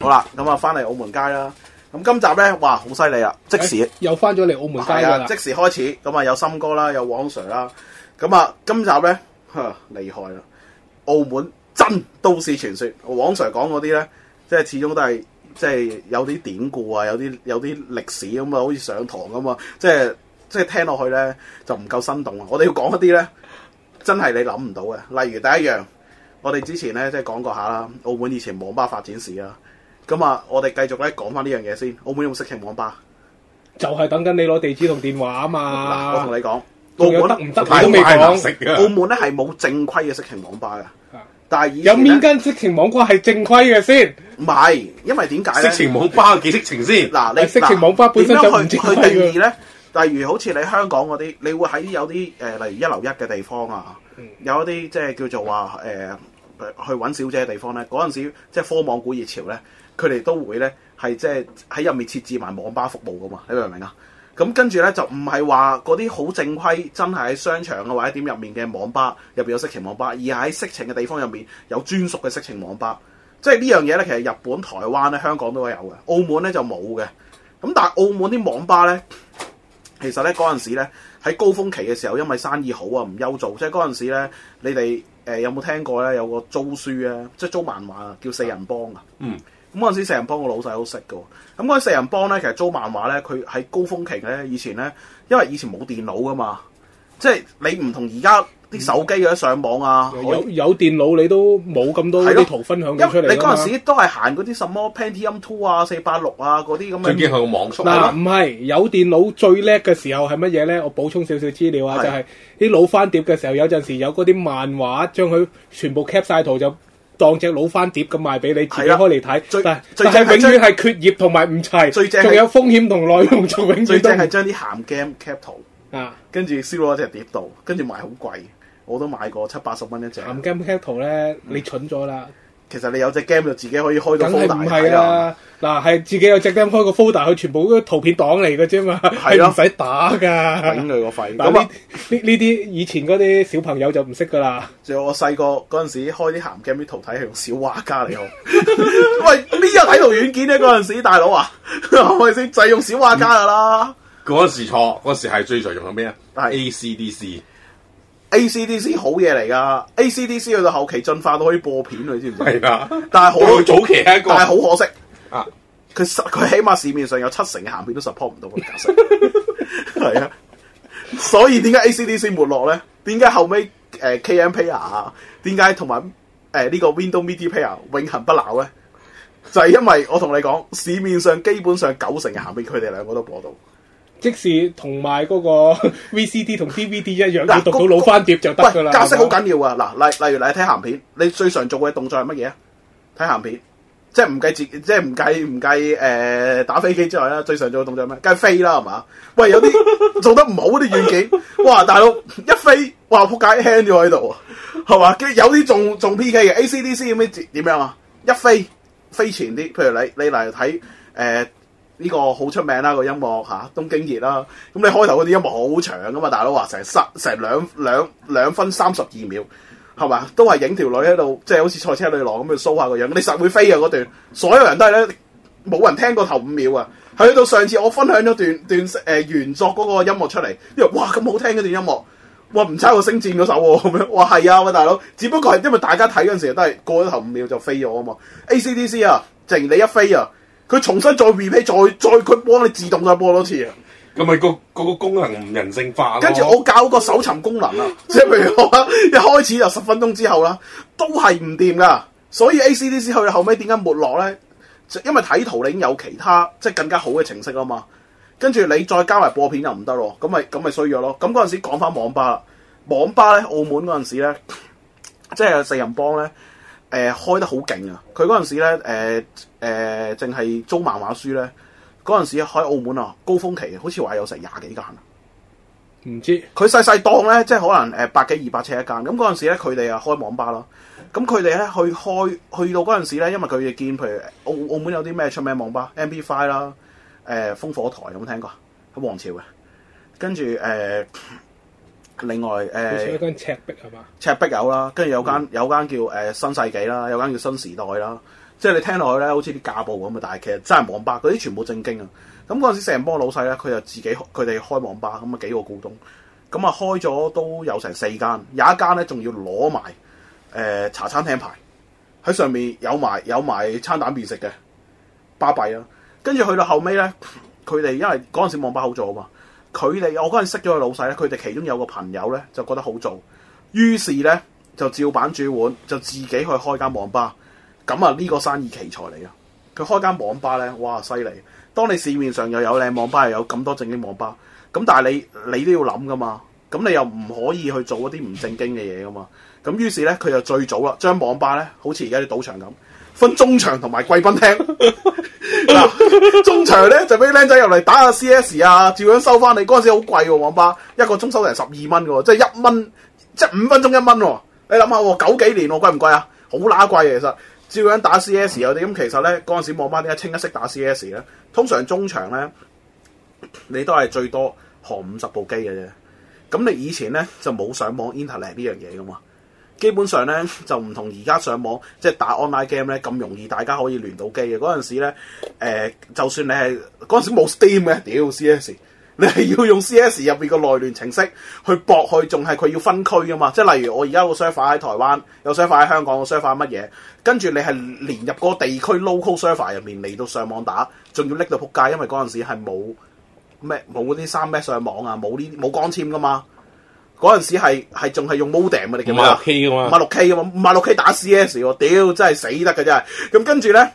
好啦，咁啊，翻嚟澳門街啦。咁今集咧，哇，好犀利啊！即時、欸、又翻咗嚟澳門街啦、啊。即時開始，咁啊，有森哥啦，有黃 Sir 啦。咁啊，今集咧，呵，厲害啦！澳門真都市傳說，黃 Sir 講嗰啲咧，即係始終都係即係有啲典故啊，有啲有啲歷史咁啊，好似上堂咁啊，即係即係聽落去咧就唔夠生動啊。我哋要講一啲咧，真係你諗唔到嘅。例如第一樣，我哋之前咧即係講過下啦，澳門以前網吧發展史啦。咁啊，我哋繼續咧講翻呢樣嘢先。澳門有色情網吧，就係等緊你攞地址同電話啊嘛。 我同你講，澳門得唔得？我未講。澳門咧係冇正規嘅色情網吧嘅。但係有邊間色情網吧係正規嘅先？唔係，因為點解色情網吧幾色情先？嗱，你啦色情網吧本身就唔正規嘅。例如好似你香港嗰啲，你會喺有啲誒、呃，例如一樓一嘅地方啊，有一啲即係叫做話誒去揾小姐嘅地方咧。嗰陣時即係科網股熱潮咧。佢哋都會咧，係即係喺入面設置埋網吧服務噶嘛？你明唔明啊？咁跟住咧就唔係話嗰啲好正規，真係喺商場啊或者點入面嘅網吧入邊有色情網吧，而係喺色情嘅地方入面有專屬嘅色情網吧。即係呢樣嘢咧，其實日本、台灣咧、香港都有嘅，澳門咧就冇嘅。咁但係澳門啲網吧咧，其實咧嗰陣時咧喺高峰期嘅時候，因為生意好啊，唔休做。即係嗰陣時咧，你哋誒有冇聽過咧有個租書啊，即係租漫畫啊，叫四人幫啊？嗯。咁嗰陣時，四人幫個老細都食嘅。咁嗰陣四人幫咧，其實租漫畫咧，佢喺高峰期咧，以前咧，因為以前冇電腦噶嘛，即係你唔同而家啲手機啊上網啊，嗯、我有有電腦你都冇咁多啲圖分享出嚟。你嗰陣時都係行嗰啲什麼 Pentium Two 啊、四八六啊嗰啲咁已最緊要網速嗱，唔係、啊、吧有電腦最叻嘅時候係乜嘢咧？我補充少少，少資料啊，的就係啲老翻碟嘅時候，有陣時有嗰啲漫畫，將佢全部 cap 晒圖就。當隻老番碟咁賣俾你，撕開嚟睇，最正，但係永遠係缺頁同埋唔齊，仲有風險同內容，就永遠都最正係將啲鹹 game cap 截圖啊，跟住燒咗一隻碟度，跟住賣好貴，我都買過七八十蚊一隻。鹹 game cap 截圖咧，嗯、你蠢咗啦。其實你有隻 game 就自己可以開到 folder 啦，嗱，係自己有隻 game 開個 folder，佢全部都圖片檔嚟嘅啫嘛，係唔使打噶。頂佢個肺。咁呢呢啲以前嗰啲小朋友就唔識噶啦。仲有，我細個嗰陣時開啲咸 game 啲圖睇係用小畫家嚟用。好 喂，邊有睇圖軟件咧？嗰陣時大佬啊，咪先就係用小畫家噶啦？嗰、嗯、時錯，嗰時係最常用係咩啊？係 A、C、D、C。A C D C 好嘢嚟噶，A C D C 去到後期進化都可以播片，你知唔知？係噶，但係好早期一個，但係好可惜。啊，佢十佢起碼市面上有七成嘅咸片都 support 唔到個格式，係啊。所以點解 A C D C 沒落咧？點解後尾誒 K M Player 點解同埋誒呢個 Window Media Player 永恒不朽咧？就係因為我同你講，市面上基本上九成嘅咸片佢哋兩個都播到。即使同埋嗰個 VCD 同 DVD 一樣，要讀到老翻碟就得噶啦。格式好緊要啊！嗱，例例如嚟睇鹹片，你最常做嘅動作係乜嘢啊？睇鹹片，即係唔計自，即係唔計唔計誒、呃、打飛機之外啦，最常做嘅動作係咩？梗係飛啦，係嘛？喂，有啲做得唔好啲軟件， 哇！大佬一飛，哇撲街輕咗喺度，係嘛？跟住 有啲仲仲 PK 嘅 ACDC 咁樣點樣啊？一飛飛前啲，譬如你你嚟睇誒。呢個好出名啦，個音樂嚇、啊、東京熱啦，咁、啊、你開頭嗰啲音樂好長噶嘛，大佬話成三成兩兩兩分三十二秒，係嘛？都係影條女喺度，即、就、係、是、好似賽車女郎咁樣 show 下個樣。樣你實會飛啊嗰段，所有人都係咧，冇人聽過頭五秒啊。去到上次我分享咗段段誒、呃、原作嗰個音樂出嚟，因為哇咁好聽嗰段音樂，哇唔差過星戰嗰首喎咁樣。哇係啊，喂大佬，只不過係因為大家睇嗰陣時都係過咗頭五秒就飛咗啊嘛。 A C D C 啊，淨你一飛啊！佢重新再 repeat 再再佢幫你自動再播多次啊！咁咪、個、個功能唔人性化咯。跟住我教個搜尋功能啦，即譬 如我一開始就十分鐘之後啦，都係唔掂噶。所以 ACDSee 去到，後尾點解沒落咧？因為睇圖你已經有其他即係更加好嘅程式啦嘛。跟住你再加埋播片又唔得咯，咁咪咁咪衰咗咯。咁嗰陣時講翻網吧啦，網吧咧澳門嗰陣時咧，即係有四人幫咧。誒、呃，開得好勁啊！佢嗰陣時咧，誒、呃、誒，淨、呃、係租漫畫書咧，嗰陣時開澳門啊，高峰期好似話有成廿幾間。唔知佢細細檔咧，即係可能誒百幾二百尺一間。咁嗰陣時咧，佢哋啊開網吧咯。咁佢哋咧去開，去到嗰陣時咧，因為佢哋見，譬如澳澳門有啲咩出名網吧，M P Five 啦，誒、呃，烽火台有冇聽過？喺皇朝嘅，跟住誒。呃另外誒，有、呃、一間赤壁係嘛？赤壁有啦，跟住有間、嗯、有間叫誒、呃、新世紀啦，有間叫新時代啦。即係你聽落去咧，好似啲價布咁啊！但係其實真係網吧嗰啲全部正經啊。咁嗰陣時成幫老細咧，佢就自己佢哋開網吧，咁啊幾個股東，咁、嗯、啊開咗都有成四間，有一間咧仲要攞埋誒茶餐廳牌，喺上面有埋有埋餐蛋麵食嘅巴閉啦。跟住去到後尾咧，佢、呃、哋因為嗰陣時網吧好做啊嘛。佢哋我嗰陣識咗個老細咧，佢哋其中有個朋友咧就覺得好做，於是咧就照板煮碗，就自己去開間網吧。咁啊呢個生意奇才嚟啊！佢開間網吧咧，哇犀利！當你市面上又有靚網吧，又有咁多正經網吧，咁但係你你都要諗噶嘛，咁你又唔可以去做一啲唔正經嘅嘢噶嘛。咁於是咧，佢就最早啦，將網吧咧好似而家啲賭場咁，分中場同埋貴賓廳。 中場咧就俾靚仔入嚟打下 C S 啊，照樣收翻你。嗰陣時好貴喎，網吧一個鐘收成十二蚊嘅喎，即係一蚊，即係五分鐘一蚊。你諗下，九幾年喎，貴唔貴啊？好乸貴啊！其實照樣打 C S 有啲咁，其實咧嗰陣時網吧點解清一色打 C S 咧？通常中場咧，你都係最多行五十部機嘅啫。咁你以前咧就冇上網 Internet 呢樣嘢噶嘛？基本上咧，就唔同而家上網，即係打 online game 咧咁容易，大家可以聯到機嘅。嗰陣時咧誒、呃、就算你係嗰陣時冇 Steam 嘅，屌 CS 你係要用 CS 入面個內聯程式去駁去，仲係佢要分區噶嘛？即係例如我而家個 server 喺台灣，有 server 喺香港，個 server 乜嘢？跟住你係連入嗰個地區 local server 入面嚟到上網打，仲要拎到仆街，因為嗰陣時係冇咩冇嗰啲三 n 上網啊，冇呢啲，冇光纖噶嘛。嗰陣時係仲係用 modem 啊，你記唔得啊？五六 K 噶嘛，五六 K 打 CS 屌真係死得㗎真係。咁跟住咧，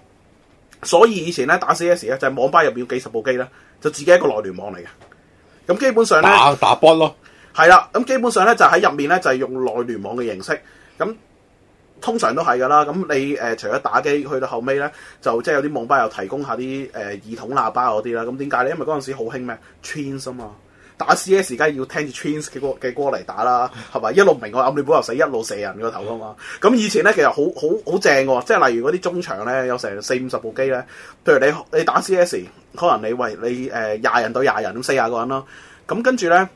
所以以前咧打 CS 咧就係網吧入面幾十部機啦，就自己一個內聯網嚟嘅。咁基本上咧打，打波咯，係啦。咁基本上咧就喺、是、入面咧就是、用內聯網嘅形式。咁通常都係㗎啦。咁你誒、呃、除咗打機，去到後尾咧就即係、就是、有啲網吧又提供一下啲誒耳筒喇叭嗰啲啦。咁點解咧？因為嗰陣時好興咩 trance 啊嘛。打 C.S. 而家要聽住 Twins 嘅歌嘅歌嚟打啦，係咪 一路明我暗你本又死，一路射人個頭啊嘛！咁以前咧其實好好好正嘅，即係例如嗰啲中場咧有成四五十部機咧，譬如你你打 C.S. 可能你喂你誒廿、呃、人對廿人咁四廿個人咯，咁跟住咧。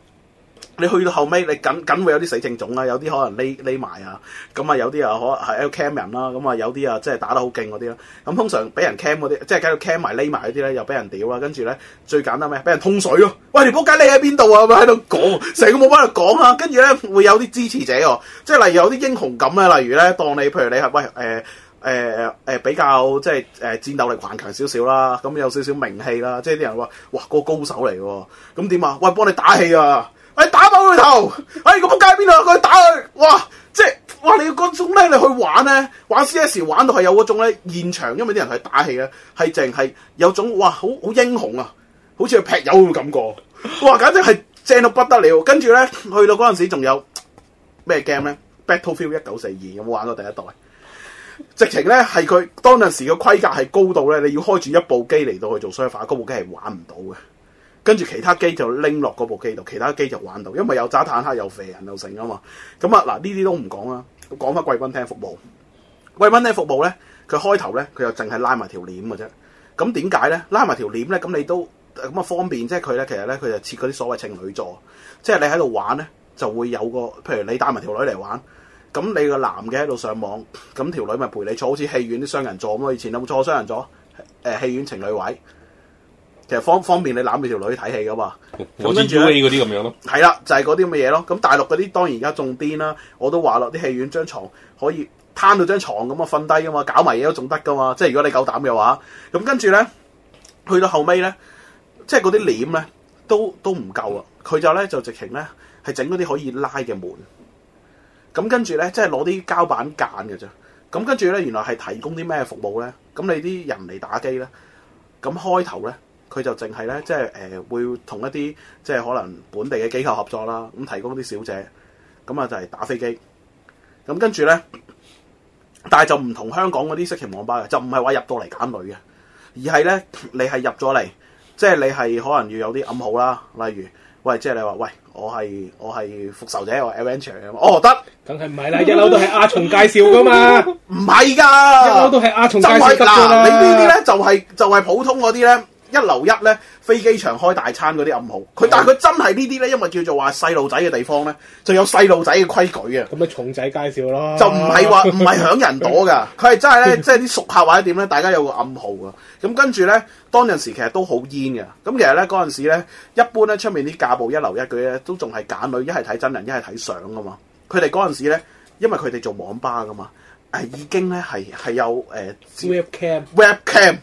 你去到後尾，你僅僅會有啲死症種啊，有啲可能匿 a 埋啊，咁啊有啲啊可能係 L cam 人啦，咁啊有啲啊即係打得好勁嗰啲啦。咁通常俾人 cam 嗰啲，即係假如 cam 埋匿埋嗰啲咧，又俾人屌啦。跟住咧，最簡單咩？俾人通水咯。喂，條波梗你喺邊度啊？咁喺度講，成個網班喺度講啊。跟住咧，會有啲支持者喎，即係例如有啲英雄感咧。例如咧，當你譬如你係喂誒誒誒比較即係誒戰鬥力還強少少啦，咁有少少名氣啦。即係啲人話：哇，個高手嚟喎。咁點啊？喂，幫你打氣啊！係打爆佢頭，哎！個仆街喺邊度？佢打佢，哇！即係哇！你要嗰種咧，你去玩咧，玩 C.S. 玩到係有嗰種咧，現場因為啲人係打戲咧，係淨係有種哇，好好英雄啊，好似去劈友咁嘅感覺，哇！簡直係正到不得了。跟住咧，去到嗰陣時仲有咩 game 咧？Battlefield 一九四二有冇玩到第一代？直情咧係佢當陣時嘅規格係高到咧，你要開住一部機嚟到去做 server，嗰部機係玩唔到嘅。跟住其他機就拎落嗰部機度，其他機就玩到，因為有揸坦克，又肥人，有成啊嘛。咁啊，嗱呢啲都唔講啦，講翻貴賓廳服務。貴賓廳服務咧，佢開頭咧，佢就淨係拉埋條簾嘅啫。咁點解咧？拉埋條簾咧，咁你都咁啊方便，即係佢咧，其實咧，佢就設嗰啲所謂情侶座，即係你喺度玩咧，就會有個，譬如你帶埋條女嚟玩，咁你個男嘅喺度上網，咁條女咪陪你坐，好似戲院啲雙人座咁咯。以前有冇坐過雙人座？誒、呃，戲院情侶位。其實方方便你攬住條女睇戲噶嘛，好似 U A 嗰啲咁樣、就是、咯。係啦，就係嗰啲咁嘅嘢咯。咁大陸嗰啲當然而家仲癲啦，我都話咯，啲戲院張床可以攤到張床咁啊，瞓低噶嘛，搞埋嘢都仲得噶嘛。即係如果你夠膽嘅話，咁跟住咧，去到後尾咧，即係嗰啲簾咧都都唔夠啊，佢就咧就直情咧係整嗰啲可以拉嘅門。咁跟住咧，即係攞啲膠板間嘅啫。咁跟住咧，原來係提供啲咩服務咧？咁你啲人嚟打機咧，咁開頭咧。佢就淨係咧，即係誒、呃，會同一啲即係可能本地嘅機構合作啦，咁、嗯、提供啲小姐，咁、嗯、啊就係、是、打飛機。咁跟住咧，但係就唔同香港嗰啲色情網吧嘅，就唔係話入到嚟揀女嘅，而係咧你係入咗嚟，即係你係可能要有啲暗號啦。例如，喂，即係你話喂，我係我係復仇者，我係 Avenger，哦得，梗係唔係啦， 一樓都係阿松介紹噶嘛，唔係噶，一樓都係阿松就係、是、嗱，啊、你呢啲咧就係就係普通嗰啲咧。就是一樓一咧，飛機場開大餐嗰啲暗號，佢但係佢真係呢啲咧，因為叫做話細路仔嘅地方咧，就有細路仔嘅規矩啊。咁啊，重仔介紹咯， 就唔係話唔係響人度噶，佢係真係咧，即係啲熟客或者點咧，大家有個暗號啊。咁跟住咧，當陣時其實都好煙嘅。咁其實咧嗰陣時咧，一般咧出面啲架步一樓一句咧，都仲係揀女，一係睇真人，一係睇相噶嘛。佢哋嗰陣時咧，因為佢哋做網吧噶嘛，係已經咧係係有誒 webcam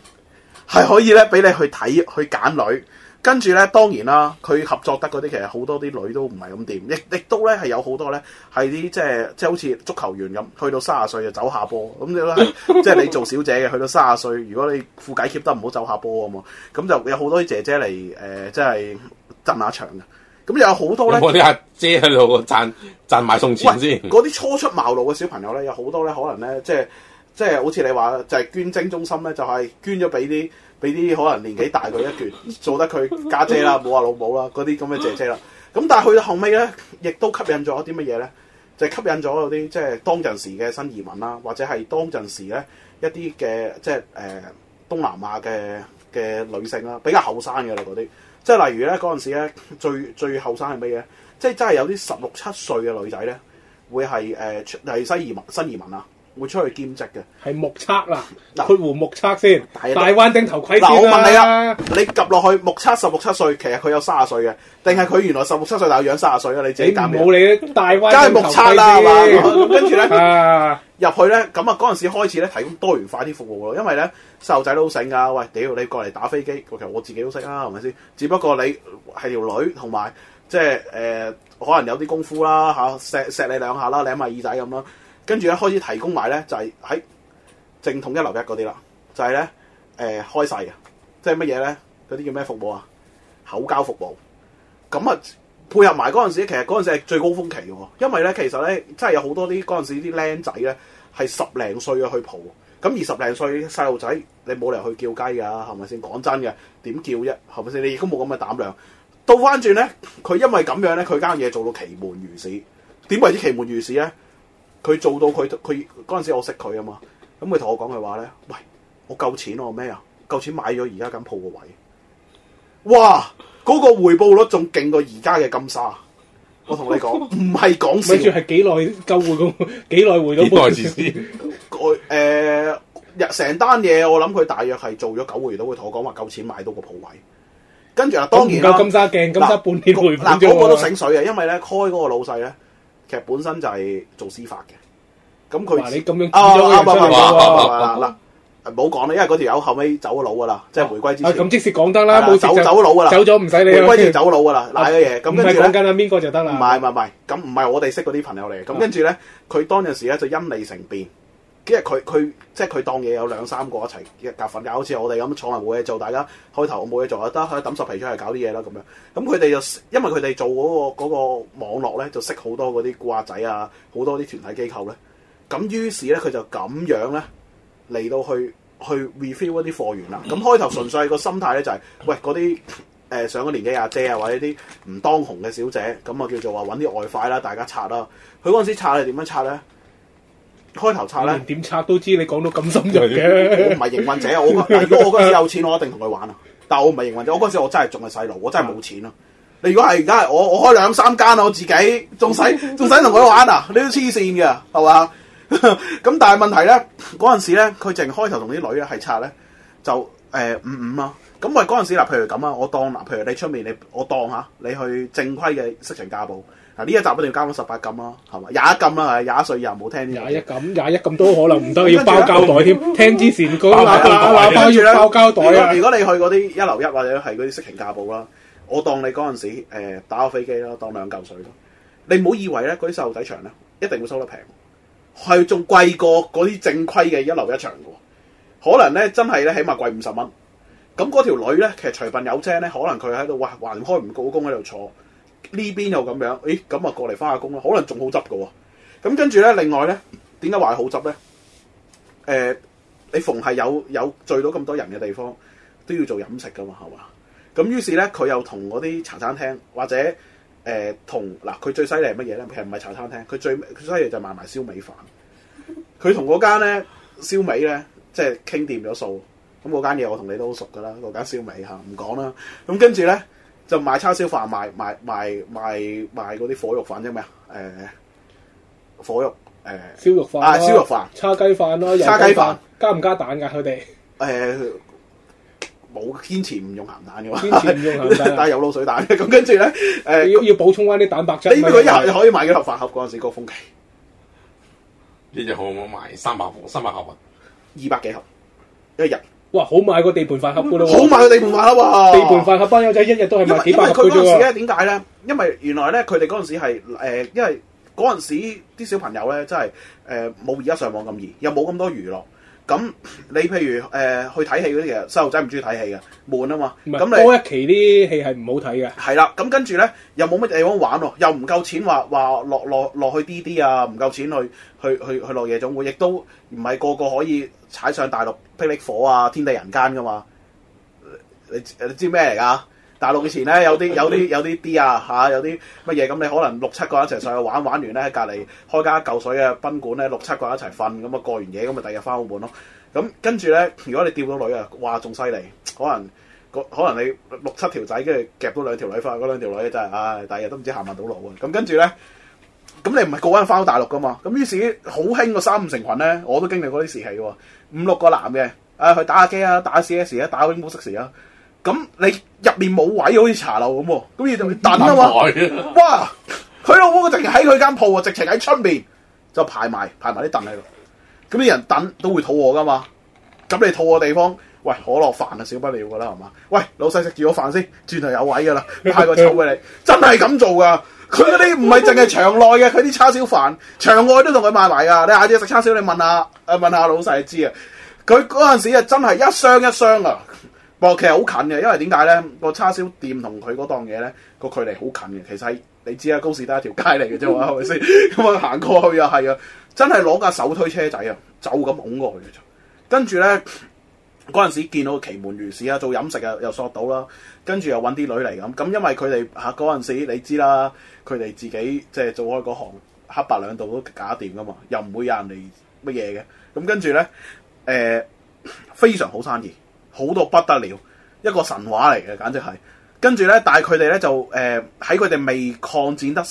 係可以咧，俾你去睇去揀女，跟住咧當然啦，佢合作得嗰啲其實多多好多啲女都唔係咁掂，亦亦都咧係有好多咧係啲即係即係好似足球員咁，去到卅歲就走下坡。咁樣啦。即係你做小姐嘅， 去到卅歲，如果你副架 keep 得唔好走下坡啊嘛，咁就有好多啲姐姐嚟誒，即係執下場。咁又有好多咧，我啲阿姐喺度賺賺埋送錢先。嗰啲初出茅廬嘅小朋友咧，有好多咧，可能咧即係。即係好似你話，就係捐精中心咧，就係捐咗俾啲俾啲可能年紀大佢一啲，做得佢家姐啦，冇話老母啦，嗰啲咁嘅姐姐啦。咁但係去到後尾咧，亦都吸引咗一啲乜嘢咧？就係吸引咗嗰啲即係當陣時嘅新移民啦，或者係當陣時咧一啲嘅即係誒東南亞嘅嘅女性啦，比較後生嘅啦嗰啲。即係例如咧嗰陣時咧最最後生係乜嘢？即係真係有啲十六七歲嘅女仔咧，會係誒係新移民新移民啊！會出去兼職嘅，係目測啦、啊。嗱，括弧目測先。的大灣釘頭盔嗱、啊啊，我問你啊，你 𥄫 落去目測十六七歲，其實佢有三十歲嘅，定係佢原來十六七歲但係養三十歲啊？你自己冇你大灣，梗係目測啦嘛。咁跟住咧，入、 啊、去咧，咁啊嗰陣時開始咧，提供多元化啲服務咯。因為咧，細路仔都好醒噶。喂，屌你過嚟打飛機，其實我自己都識啦，係咪先？只不過你係條女，同埋即係誒，可能有啲功夫啦吓，錫錫你兩下啦，舐埋耳仔咁啦。跟住咧，開始提供埋咧，就係、是、喺、哎、正統一流一嗰啲啦，就係咧誒開晒嘅，即係乜嘢咧？嗰啲叫咩服務啊？口交服務。咁啊，配合埋嗰陣時，其實嗰陣時係最高峰期喎、哦。因為咧，其實咧，真係有好多啲嗰陣時啲僆仔咧，係十零歲啊去蒲。咁二十零歲細路仔，你冇理由去叫雞㗎、啊，係咪先？講真嘅，點叫啫？係咪先？你亦都冇咁嘅膽量。倒翻轉咧，佢因為咁樣咧，佢間嘢做到奇門如市。點為之奇門如市咧？佢做到，佢佢嗰陣時我識佢啊嘛，咁佢同我講佢話咧，喂，我夠錢咯咩啊？夠錢買咗而家間鋪個位，哇，嗰、個回報率仲勁過而家嘅金沙。我同你講，唔係講笑。跟住係幾耐夠回咁？幾耐回到？幾耐先？誒，成單嘢我諗佢大約係做咗九個月到，會同我講話夠錢買到個鋪位。跟住啊，當然啦，金沙鏡，金沙半年回報啫喎。嗰、啊個都醒水嘅，因為咧開嗰個老細咧。佢本身就係做司法嘅，咁佢啊，唔好講啦，因為嗰條友後尾走咗佬噶啦，即係回歸之前，咁即使講得啦，走走咗佬啦，走咗唔使你，回歸前走佬噶啦，嗱啲嘢，咁跟住講緊邊個就得啦，唔係唔係，唔係，咁唔係我哋識嗰啲朋友嚟，咁跟住咧，佢當陣時咧就因利成變。即係佢佢即係佢當嘢有兩三個一齊夾瞓覺，好似我哋咁坐埋冇嘢做，大家開頭冇嘢做啊，得揼十皮出嚟搞啲嘢啦咁樣。咁佢哋就因為佢哋做嗰、嗰個嗰、嗰個網絡咧，就識好多嗰啲掛仔啊，好多啲團體機構咧。咁於是咧，佢就咁樣咧嚟到去去 refill 啲貨源啦。咁開頭純粹心態呢、就是呃、個心態咧就係喂嗰啲誒上個年紀阿姐啊，或者啲唔當紅嘅小姐，咁啊叫做話揾啲外快啦，大家拆啦、啊。佢嗰陣時拆係點樣拆咧？開頭拆咧，點拆都知你講到咁深入嘅。 我唔係營運者，我嗱，如果我嗰時有錢，我一定同佢玩啊。但係我唔係營運者，我嗰時我真係仲係細路，我真係冇錢咯。你 如果係而家係我，我開兩三間我自己，仲使仲使同佢玩啊？你都黐線嘅，係嘛？咁 但係問題咧，嗰陣時咧，佢淨開頭同啲女咧係拆咧，就誒、呃、五五啊。咁喂，嗰陣時嗱，譬如咁啊，我當嗱，譬如你出面，你我當吓，你去正規嘅色情架步嗱呢一集一定要交翻十八金咯，係嘛，廿一金啦，廿一歲又冇聽啲廿一金，廿一金都可能唔得，要包膠袋添。聽之前嗰嗱嗱嗱，包住啦。包膠袋。如果你去嗰啲一樓一或者係嗰啲色情架步啦，我當你嗰陣時誒、呃、打個飛機咯，當兩嚿水咯。你唔好以為咧嗰啲細路仔場咧，一定會收得平，係仲貴過嗰啲正規嘅一樓一場嘅。可能咧真係咧起碼貴五十蚊。咁嗰條女咧，其實隨便有車咧，可能佢喺度哇，還開唔高工喺度坐。呢邊又咁樣，誒，咁啊過嚟返下工咯，可能仲好執嘅，咁跟住咧，另外咧，點解話係好執咧？誒、呃，你逢係有有聚到咁多人嘅地方，都要做飲食噶嘛，係嘛？咁、嗯、於是咧，佢又同嗰啲茶餐廳或者誒同嗱，佢、呃、最犀利係乜嘢咧？其實唔係茶餐廳，佢最犀利就賣埋燒味飯。佢同嗰間咧燒味咧，即係傾掂咗數，咁嗰間嘢我同你都好熟噶啦，嗰間燒味吓，唔講啦。咁跟住咧。嗯就賣叉燒飯，賣賣賣賣賣嗰啲火肉飯啫咩啊？誒，火肉誒，燒肉飯啊，燒肉飯，叉雞飯咯，叉雞飯加唔加蛋噶？佢哋誒，冇堅持唔用鹹蛋嘅嘛，堅持唔用鹹蛋，但係有滷水蛋。咁跟住咧，誒要要補充翻啲蛋白質。你呢個一下可以買幾盒飯盒？嗰陣時高峰期，一日可可賣三百盒，三百盒啊，二百幾盒一日。哇！好賣個地盤飯盒噶咯、啊，好賣個地盤飯盒喎、啊。地盤飯盒班友仔一日都係賣幾百個啫喎。因為佢嗰陣時咧，點解咧？因為原來咧，佢哋嗰陣時係、呃、因為嗰陣時啲小朋友咧，真係誒冇而家上網咁易，又冇咁多娛樂。咁你譬如誒、呃、去睇戲嗰啲，其實細路仔唔中意睇戲嘅，悶啊嘛。咁不你嗰一期啲戲係唔好睇嘅。係啦，咁跟住咧又冇乜地方玩喎、啊，又唔夠錢話話落落落去 D D 啊，唔夠錢去去去去落夜總會，亦都唔係個個可以踩上大陸霹靂火啊、天地人間㗎嘛。你你知咩嚟㗎？大陸以前咧，有啲有啲有啲啲啊嚇有啲乜嘢，咁你可能六七個人一齊上去玩玩完咧，隔離開一間舊水嘅賓館咧，六七個人一齊瞓，咁啊過完夜，咁啊第二日翻澳門咯。咁跟住咧，如果你釣到女啊，哇仲犀利，可能可能你六七條仔跟住夾到兩條女翻，嗰兩條女真係唉，第二日都唔知行唔行到路喎。咁、啊、跟住咧，咁你唔係個人翻到大陸噶嘛，咁於是好興個三五成群咧，我都經歷過啲時氣喎，五六個男嘅啊去打下機啊打 CS 啊打永寶飾時啊咁你入面冇位，好似茶樓咁，咁要等啊嘛。哇！佢、啊、老母直情喺佢間鋪，直情喺出面，就排埋排埋啲凳喺度。咁啲人等都會肚餓噶嘛？咁你肚餓地方，喂可樂飯啊，少不了噶啦，係嘛？喂老細食住咗飯先，轉頭有位噶啦。你派個籌俾你，真係咁做噶。佢嗰啲唔係淨係場內嘅，佢啲叉燒飯場外都同佢賣埋噶。你嗌啲食叉燒，你問下誒問下老細知啊。佢嗰陣時啊，真係一箱一箱啊。我其實好近嘅，因為點解咧？個叉燒店同佢嗰檔嘢咧個距離好近嘅。其實你知啊，高士德一條街嚟嘅啫嘛，係咪先？咁啊行過去啊，係啊，真係攞架手推車仔啊，走咁拱過去嘅啫。跟住咧，嗰陣時見到奇門如市啊，做飲食啊又，又索到啦，跟住又揾啲女嚟咁。咁因為佢哋嚇嗰陣時你知啦，佢哋自己即係做開嗰行黑白兩道都搞掂噶嘛，又唔會有人嚟乜嘢嘅。咁跟住咧，誒、呃、非常好生意。好到不得了，一個神話嚟嘅，簡直係。跟住咧，但係佢哋咧就誒喺佢哋未擴展得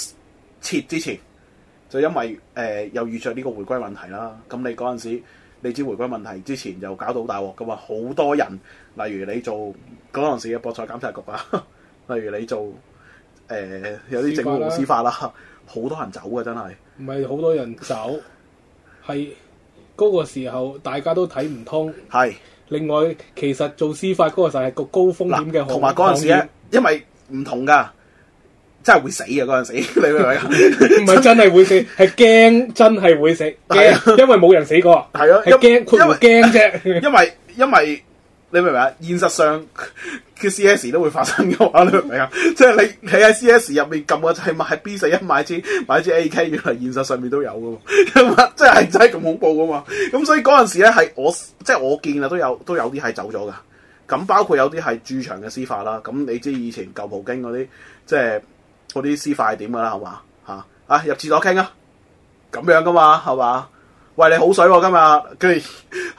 切之前，就因為誒又、呃、遇着呢個回歸問題啦。咁你嗰陣時，你知回歸問題之前又搞到大鑊噶嘛？好多人，例如你做嗰陣時嘅博彩監察局啊，例如你做誒有啲政府司法啦，好多人走嘅真係。唔係好多人走， 係、那、嗰個時候大家都睇唔通。係。另外，其實做司法嗰個就係個高風險嘅行業。同埋嗰陣時，因為唔同噶，真係會死呀嗰陣時，你明唔明？唔係 真係會死，係驚 真係會死，驚 因為冇人死過。係咯、啊，係驚佢驚啫，因為因為。你明唔明啊？現實上嘅 CS 都會發生嘅嘛？你明唔明啊？即 係你喺 CS 入面撳個掣，買 B 四一支買支買支 AK，原來現實上面都有嘅嘛？即 係真係咁恐怖嘅嘛？咁所以嗰陣時咧係我即係、就是、我見啊，都有都有啲係走咗嘅。咁包括有啲係駐場嘅司法啦。咁你知以前舊葡京嗰啲即係嗰啲司法係點嘅啦，係嘛嚇？啊入廁所傾啊，咁樣嘅嘛係嘛？喂，你好水㗎今日？跟住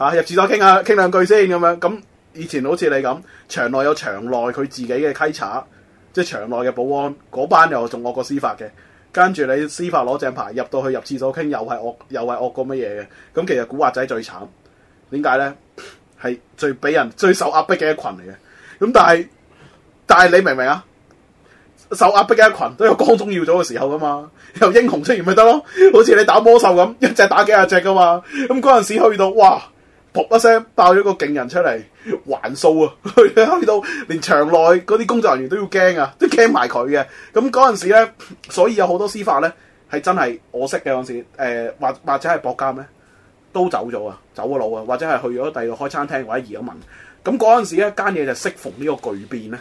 嚇入廁所傾下傾兩句先咁樣咁。以前好似你咁，場內有場內佢自己嘅稽查，即係場內嘅保安，嗰班又仲惡過司法嘅。跟住你司法攞正牌入到去入廁所傾，又係惡，又係惡過乜嘢嘅。咁其實古惑仔最慘，點解咧？係最俾人最受壓迫嘅一群嚟嘅。咁但係，但係你明唔明啊？受壓迫嘅一群都有光宗耀祖嘅時候噶嘛。有英雄出現咪得咯？好似你打魔獸咁，一隻打幾廿隻噶嘛。咁嗰陣時去到，哇！撲一聲爆咗個勁人出嚟，還數啊！去到連場內嗰啲工作人員都要驚啊，都驚埋佢嘅。咁嗰陣時咧，所以有好多司法咧，係真係我識嘅。嗰時誒、呃，或者或者係博監咧，都走咗啊，走咗路啊，或者係去咗第二度開餐廳或者移咗民。咁嗰陣時咧間嘢就適逢呢個巨變咧，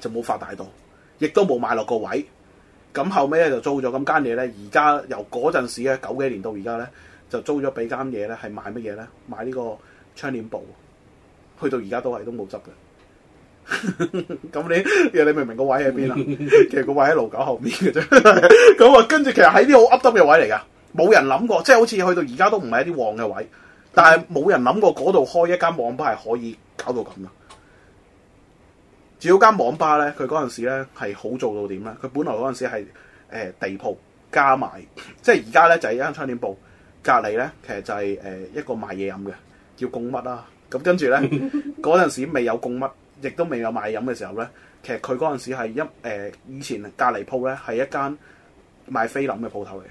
就冇發大到，亦都冇買落個位。咁後尾咧就租咗咁間嘢咧，而家由嗰陣時咧九幾年到而家咧。就租咗俾間嘢咧，係賣乜嘢咧？賣呢個窗簾布，去到而家都係都冇執嘅。咁 你，你明唔明個位喺邊啊？ 其實個位喺路搞後面嘅啫。咁 啊，跟住其實喺啲好噏耷嘅位嚟噶，冇人諗過，即係好似去到而家都唔係一啲旺嘅位，但係冇人諗過嗰度開一間網吧係可以搞到咁啊！仲有間網吧咧，佢嗰陣時咧係好做到點咧。佢本來嗰陣時係誒、呃、地鋪加埋，即係而、就是、家咧就係一間窗簾布。隔離咧，其實就係、是、誒、呃、一個賣嘢飲嘅，叫供乜啦。咁、啊、跟住咧，嗰陣 時未有供乜，亦都未有賣飲嘅時候咧，其實佢嗰陣時係一誒、呃、以前隔離鋪咧，係一間賣菲林嘅鋪頭嚟嘅，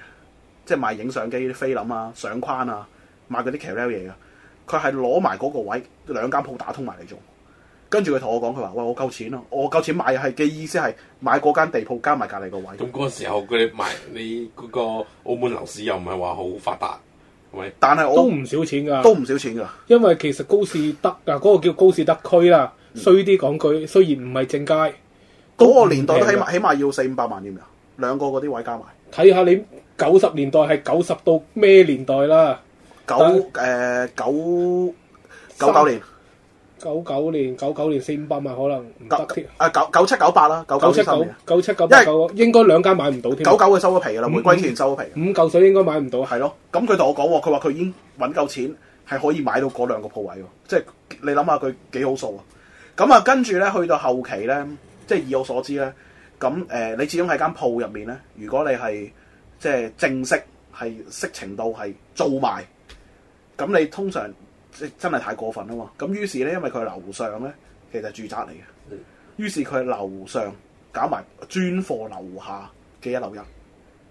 即係賣影相機啲菲林啊、相框啊、賣嗰啲 camera 嘢嘅。佢係攞埋嗰個位，兩間鋪打通埋嚟做。跟住佢同我講，佢話喂，我夠錢咯，我夠錢買。係嘅意思係買嗰間地鋪加埋隔籬個位。咁嗰個時候佢哋賣你嗰個澳門樓市又唔係話好發達，係，但係都唔少錢噶，都唔少錢噶。因為其實高士德啊，嗰、嗰個叫高士德區啦，嗯、衰啲講句，雖然唔係正街，嗰個年代都起碼起碼要四五百萬啲咪啊？兩個嗰啲位加埋，睇下你九十年代係九十到咩年代啦、呃？九誒九九九年。九九年，九九年四五百萬可能唔得添，九九七九八啦，九九九九七九八，因為應該兩間買唔到添，九九啊收咗皮啦，玫瑰田收咗皮，五嚿水應該買唔到，係咯。咁佢同我講，佢話佢已經揾夠錢，係可以買到嗰兩個鋪位喎。即係你諗下佢幾好數啊？咁、嗯、啊，跟住咧去到後期咧，即係以我所知咧，咁誒、呃、你始終喺間鋪入面咧，如果你係即係正式係識情度係做賣，咁你通常。即真係太過分啦嘛！咁於是咧，因為佢樓上咧其實係住宅嚟嘅，嗯、於是佢樓上搞埋專貨樓下嘅一樓人，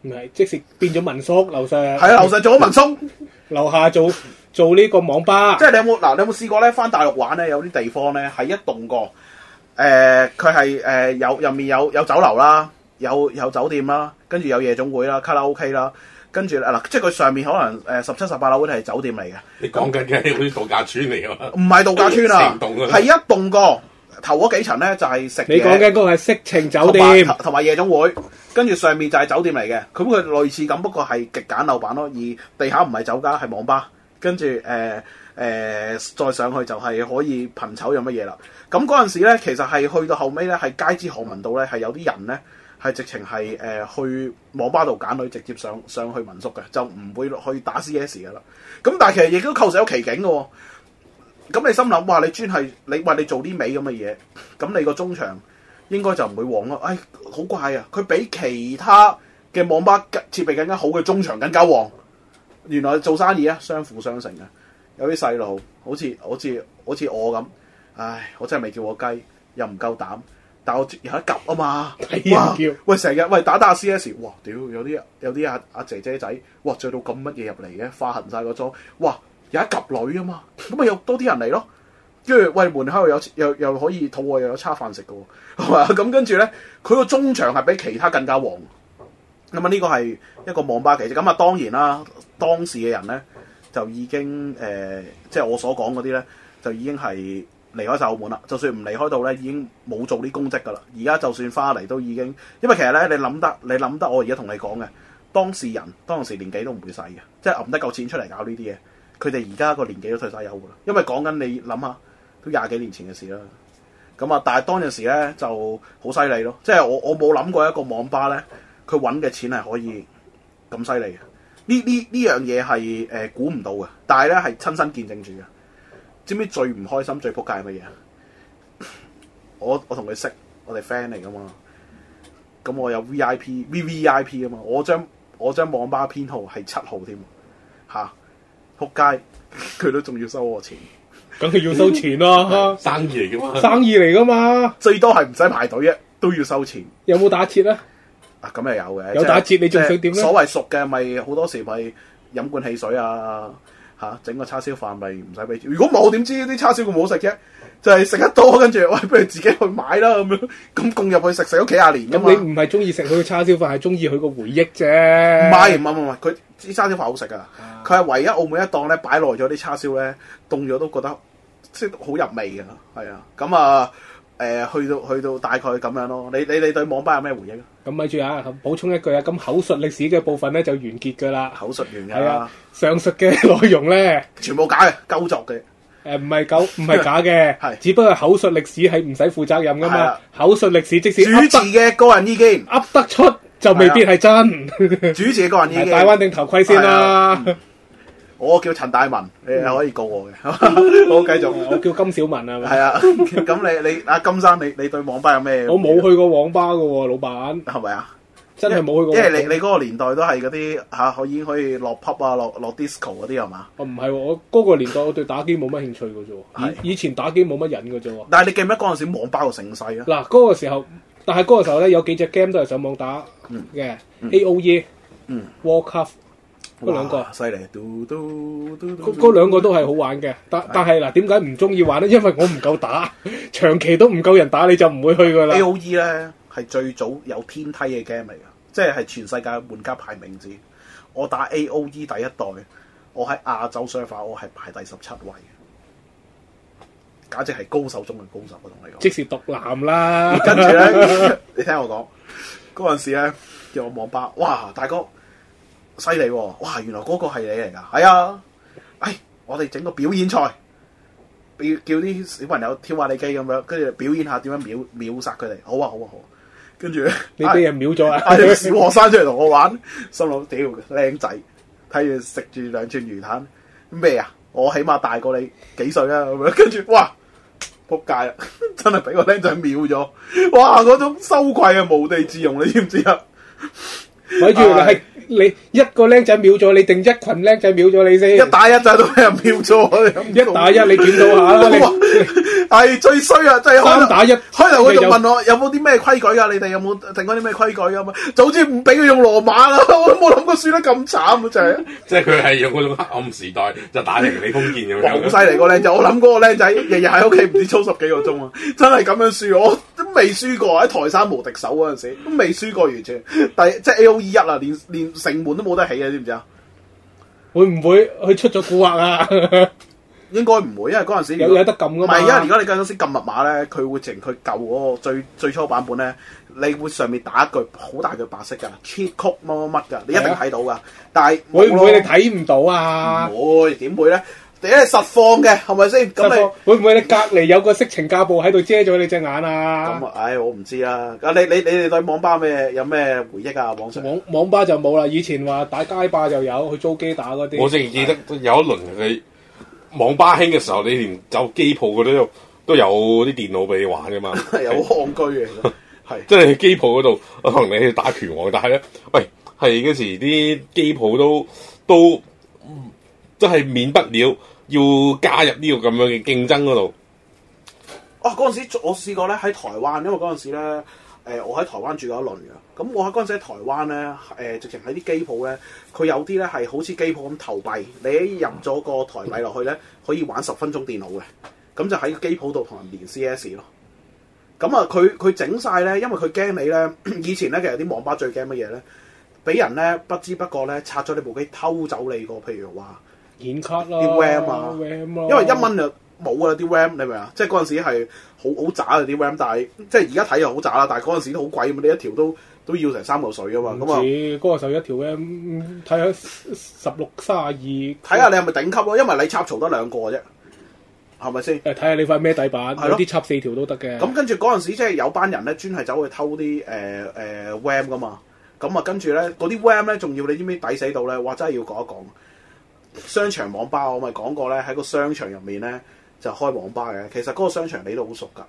唔係即時變咗民宿樓上係啊，樓上做咗民宿，樓， 樓下做做呢個網吧。即係你有冇嗱？你有冇試過咧？翻大陸玩咧，有啲地方咧係一棟過誒，佢係誒有入面有有酒樓啦，有有酒店啦，跟住有夜總會啦、卡拉 OK 啦。跟住啊嗱，即係佢上面可能誒十七十八樓嗰啲係酒店嚟嘅。你講緊嘅係啲度假村嚟㗎。唔係度假村啊，係一棟過頭嗰幾層咧就係、是、食。你講緊嗰個係色情酒店，同埋夜總會。跟住上面就係酒店嚟嘅。咁佢類似咁，不過係極簡樓板咯、啊。而地下唔係酒家，係網吧。跟住誒誒，再上去就係可以貧醜有乜嘢啦。咁嗰陣時咧，其實係去到後尾咧，係街知巷聞到咧，係有啲人咧。係直情係誒去網吧度揀女，直接上上去民宿嘅，就唔會去打 CS 嘅啦。咁但係其實亦都構成有奇景嘅、哦。咁你心諗，話你專係你話你做啲美咁嘅嘢，咁你個中場應該就唔會旺咯。唉、哎，好怪啊！佢比其他嘅網吧設備更加好嘅中場更加旺。原來做生意啊，相輔相成啊。有啲細路好似好似好似我咁，唉，我真係未叫過雞，又唔夠膽。但我有一 𥄫 啊嘛，哇！叫喂，成日喂打打 C.S. 哇！屌有啲有啲阿阿姐姐仔哇着到咁乜嘢入嚟嘅，化痕晒個妝，哇！有一 𥄫 女啊嘛，咁咪又多啲人嚟咯，跟住喂門口又有又又可以肚餓又有，有，有叉飯食嘅，係咁 跟住咧，佢個中場係比其他更加旺，咁啊呢個係一個網吧其實咁啊，當然啦，當時嘅人咧就已經誒，即、呃、係、即係、我所講嗰啲咧就已經係。離開晒澳門啦，就算唔離開到咧，已經冇做啲公職噶啦。而家就算翻嚟都已經，因為其實咧，你諗得，你諗得我你，我而家同你講嘅當事人，當時年紀都唔會細嘅，即係揞得夠錢出嚟搞呢啲嘢。佢哋而家個年紀都退晒休噶啦，因為講緊你諗下，都廿幾年前嘅事啦。咁啊，但係當陣時咧就好犀利咯，即係我我冇諗過一個網吧咧，佢揾嘅錢係可以咁犀利嘅。呢呢呢樣嘢係誒估唔到嘅，但係咧係親身見證住嘅。知唔知最唔開心最仆街係乜嘢啊？我我同佢識，我哋 friend 嚟噶嘛。咁我有 VIP VVIP 啊嘛。我張我張網吧編號係七號添，嚇仆街佢都仲要收我錢。咁佢要收錢咯， 對生意嚟噶嘛？生意嚟噶嘛？最多係唔使排隊啊，都要收錢。有冇打折啊？啊，咁又有嘅。有打折是你仲想點咧？所謂熟嘅咪好多時咪飲罐汽水啊。嚇整、啊、個叉燒飯咪唔使俾錢，如果冇點知啲叉燒咁好食啫，哦、就係食得多跟住，喂、哎、不如自己去買啦咁樣，咁供入去食食咗幾廿年。咁你唔係中意食佢嘅叉燒飯，係中意佢個回憶啫。唔係唔係唔係，佢啲叉燒飯好食噶，佢係、啊、唯一澳門一檔咧擺落咗啲叉燒咧，凍咗都覺得即係好入味噶，係、嗯、啊。咁啊誒，去到去到大概咁樣咯。你你你對網吧有咩回憶啊？咁咪住啊，補充一句啊，咁口述歷史嘅部分咧就完結噶啦。口述完噶啦。上述嘅內容咧，全部假嘅，鳩作嘅。誒，唔係狗，唔係假嘅，係只不過口述歷史係唔使負責任噶嘛。口述歷史即使主持嘅個人意見，噏得出就未必係真。主持嘅個人意見，戴定頂頭盔先啦。我叫陳大文，你可以告我嘅。好，繼續。我叫金小文啊。係咪？係啊，咁你你阿金生，你你對網吧有咩？我冇去過網吧噶，老闆係咪啊？真係冇去過。因為你你嗰個年代都係嗰啲嚇可以可以落 pub 啊落落 disco 嗰啲係嘛？哦唔係我嗰個年代我對打機冇乜興趣嘅啫喎。以以前打機冇乜癮嘅啫喎。但係你記唔記得嗰陣時網吧嘅盛勢啊？嗱嗰個時候，但係嗰個時候咧有幾隻 game 都係上網打嘅 A O E、Warcraft 嗰兩個。犀利都都都。嗰兩個都係好玩嘅，但但係嗱點解唔中意玩咧？因為我唔夠打，長期都唔夠人打，你就唔會去㗎啦。A O E 咧。係最早有天梯嘅 game 嚟噶。即係全世界玩家排名先。我打 A O E 第一代，我喺亞洲 s u 我係排第十七位，簡直係高手中嘅高手。我同你講，即是獨男啦。跟住咧，你聽我講，嗰陣時咧，入我網吧，哇，大哥，犀利喎！哇，原來嗰個係你嚟噶，係啊，哎，我哋整個表演賽，叫叫啲小朋友跳壓力機咁樣，跟住表演下點樣秒秒殺佢哋，好啊，好啊，好啊。跟住咧，哎、你俾人秒咗啊！嗌個小學生出嚟同我玩，心諗屌靚仔，睇住食住兩串魚蛋咩啊？我起碼大過你幾歲啦、啊，咁樣跟住，哇！撲街啦，真係俾個靚仔秒咗！哇！嗰種羞愧啊，無地自容，你知唔知啊？咪住係你一個靚仔秒咗你，定一群靚仔秒咗你先？一打一就都俾人秒咗，一打一你見到下啦。 你係最衰啊！真係三打一，開頭佢就問我有冇啲咩規矩啊？你哋有冇定嗰啲咩規矩啊？嘛，早知唔俾佢用羅馬啦，啊，我都冇諗過輸得咁慘啊！真、就、係、是嗯，即係佢係用嗰種黑暗時代就打贏李封建咁樣，好犀利個靚仔！ 我諗嗰個靚仔日日喺屋企唔知操十幾個鐘啊，真係咁樣輸，我都未輸過喺台山無敵手嗰陣時都未輸過完全。但即係 A O E 一啊，連連，連城門都冇得起啊，知唔知啊？ 會唔會佢出咗蠱惑啊？ 應該唔會、啊，因為嗰陣時有有得撳噶嘛。唔係，因為如果你間公司撳密碼咧，佢會整佢舊嗰個最最初版本咧，你會上面打一句好大嘅白色噶，key c 乜乜乜噶，你一定睇到噶。但係會唔會你睇唔到啊？唔會點會咧？第一實況嘅係咪先？咁放你會唔會你隔離有個色情教部喺度遮咗你隻眼啊？咁啊，唉，我唔知啦。啊，你你你哋對網吧咩有咩回憶啊？網網吧就冇啦。以前話打街霸就有，去租機打嗰啲。我淨記得有一輪係。網吧興嘅時候，你連走機鋪嗰度都有啲電腦俾你玩噶嘛，有憨居嘅，係，即係機鋪嗰度，我同你去打拳王，但係咧，喂，係嗰時啲機鋪都都真係免不了要加入呢個咁樣嘅競爭嗰度。哇，啊！嗰陣時我試過咧喺台灣，因為嗰陣時咧。誒、呃，我喺台灣住過一輪嘅，咁我喺嗰陣時喺台灣咧，誒、呃，直情喺啲機鋪咧，佢有啲咧係好似機鋪咁投幣，你入咗個台幣落去咧，可以玩十分鐘電腦嘅，咁就喺機鋪度同人連 CS 咯。咁啊，佢佢整晒咧，因為佢驚你咧，以前咧其實啲網吧最驚乜嘢咧？俾人咧不知不覺咧拆咗你部機偷走你個，譬如話，顯卡啦、啊、，RAM 啊，因為一蚊兩。冇啊！啲 RAM 你明啊？即係嗰陣時係好好渣啊啲 RAM，但係即係而家睇又好渣啦。但係嗰陣時貴都好貴咁，你一條都都要成三嚿水啊嘛。唔止嗰陣就、嗰個、一條 RAM，睇下十六三十二。睇下你係咪頂級咯？因為你插槽得兩個啫，係咪先？誒，睇下你塊咩底板，有啲插四條都得嘅。咁跟住嗰陣時，即係有班人咧專係走去偷啲誒誒 RAM 噶嘛。咁啊，跟住咧嗰啲 RAM 咧，仲要你知唔知抵死到咧？哇！真係要講一講。商場網吧我咪講過咧，喺個商場入面咧。就開網吧嘅，其實嗰個商場你都好熟噶，嗰、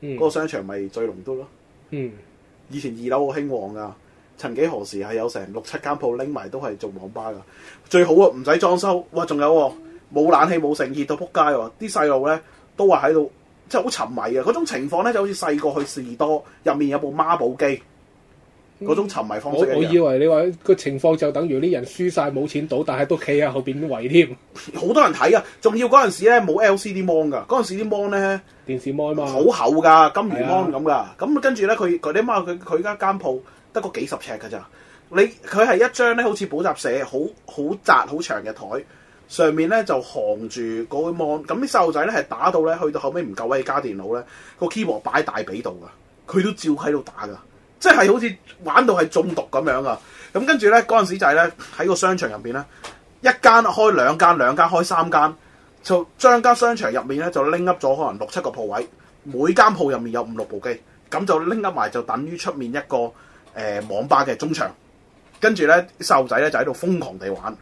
嗯、個商場咪聚龍都咯。嗯、以前二樓好興旺噶，曾幾何時係有成六七間鋪拎埋都係做網吧噶。最好啊，唔使裝修，哇！仲有喎，冇冷氣冇剩，熱到撲街喎。啲細路咧都話喺度，即係好沉迷啊！嗰種情況咧就好似細個去士多入面有部孖寶機。嗰種沉迷方式我，我以為你話個情況就等於啲人輸晒冇錢賭，但係都企喺後邊啲位添。好 多人睇啊！仲要嗰陣時咧冇 LCD 芒噶，嗰陣時啲芒咧，電視芒啊，好厚噶，金魚芒咁噶。咁跟住咧，佢你阿媽佢佢家間鋪得個幾十尺噶咋？你佢係一張咧，好似補習社好好窄好長嘅台，上面咧就行住個芒。咁啲細路仔咧係打到咧去到後尾唔夠位加電腦咧，個 keyboard 擺大髀度噶，佢都照喺度打噶。即係好似玩到係中毒咁樣啊！咁跟住咧，嗰陣時就係咧喺個商場入邊咧，一間開兩間，兩間開三間，就將間商場入面咧就拎噏咗可能六七個鋪位，每間鋪入面有五六部機，咁就拎噏埋就等於出面一個誒、呃、網吧嘅中場。跟住咧啲細路仔咧就喺度瘋狂地玩。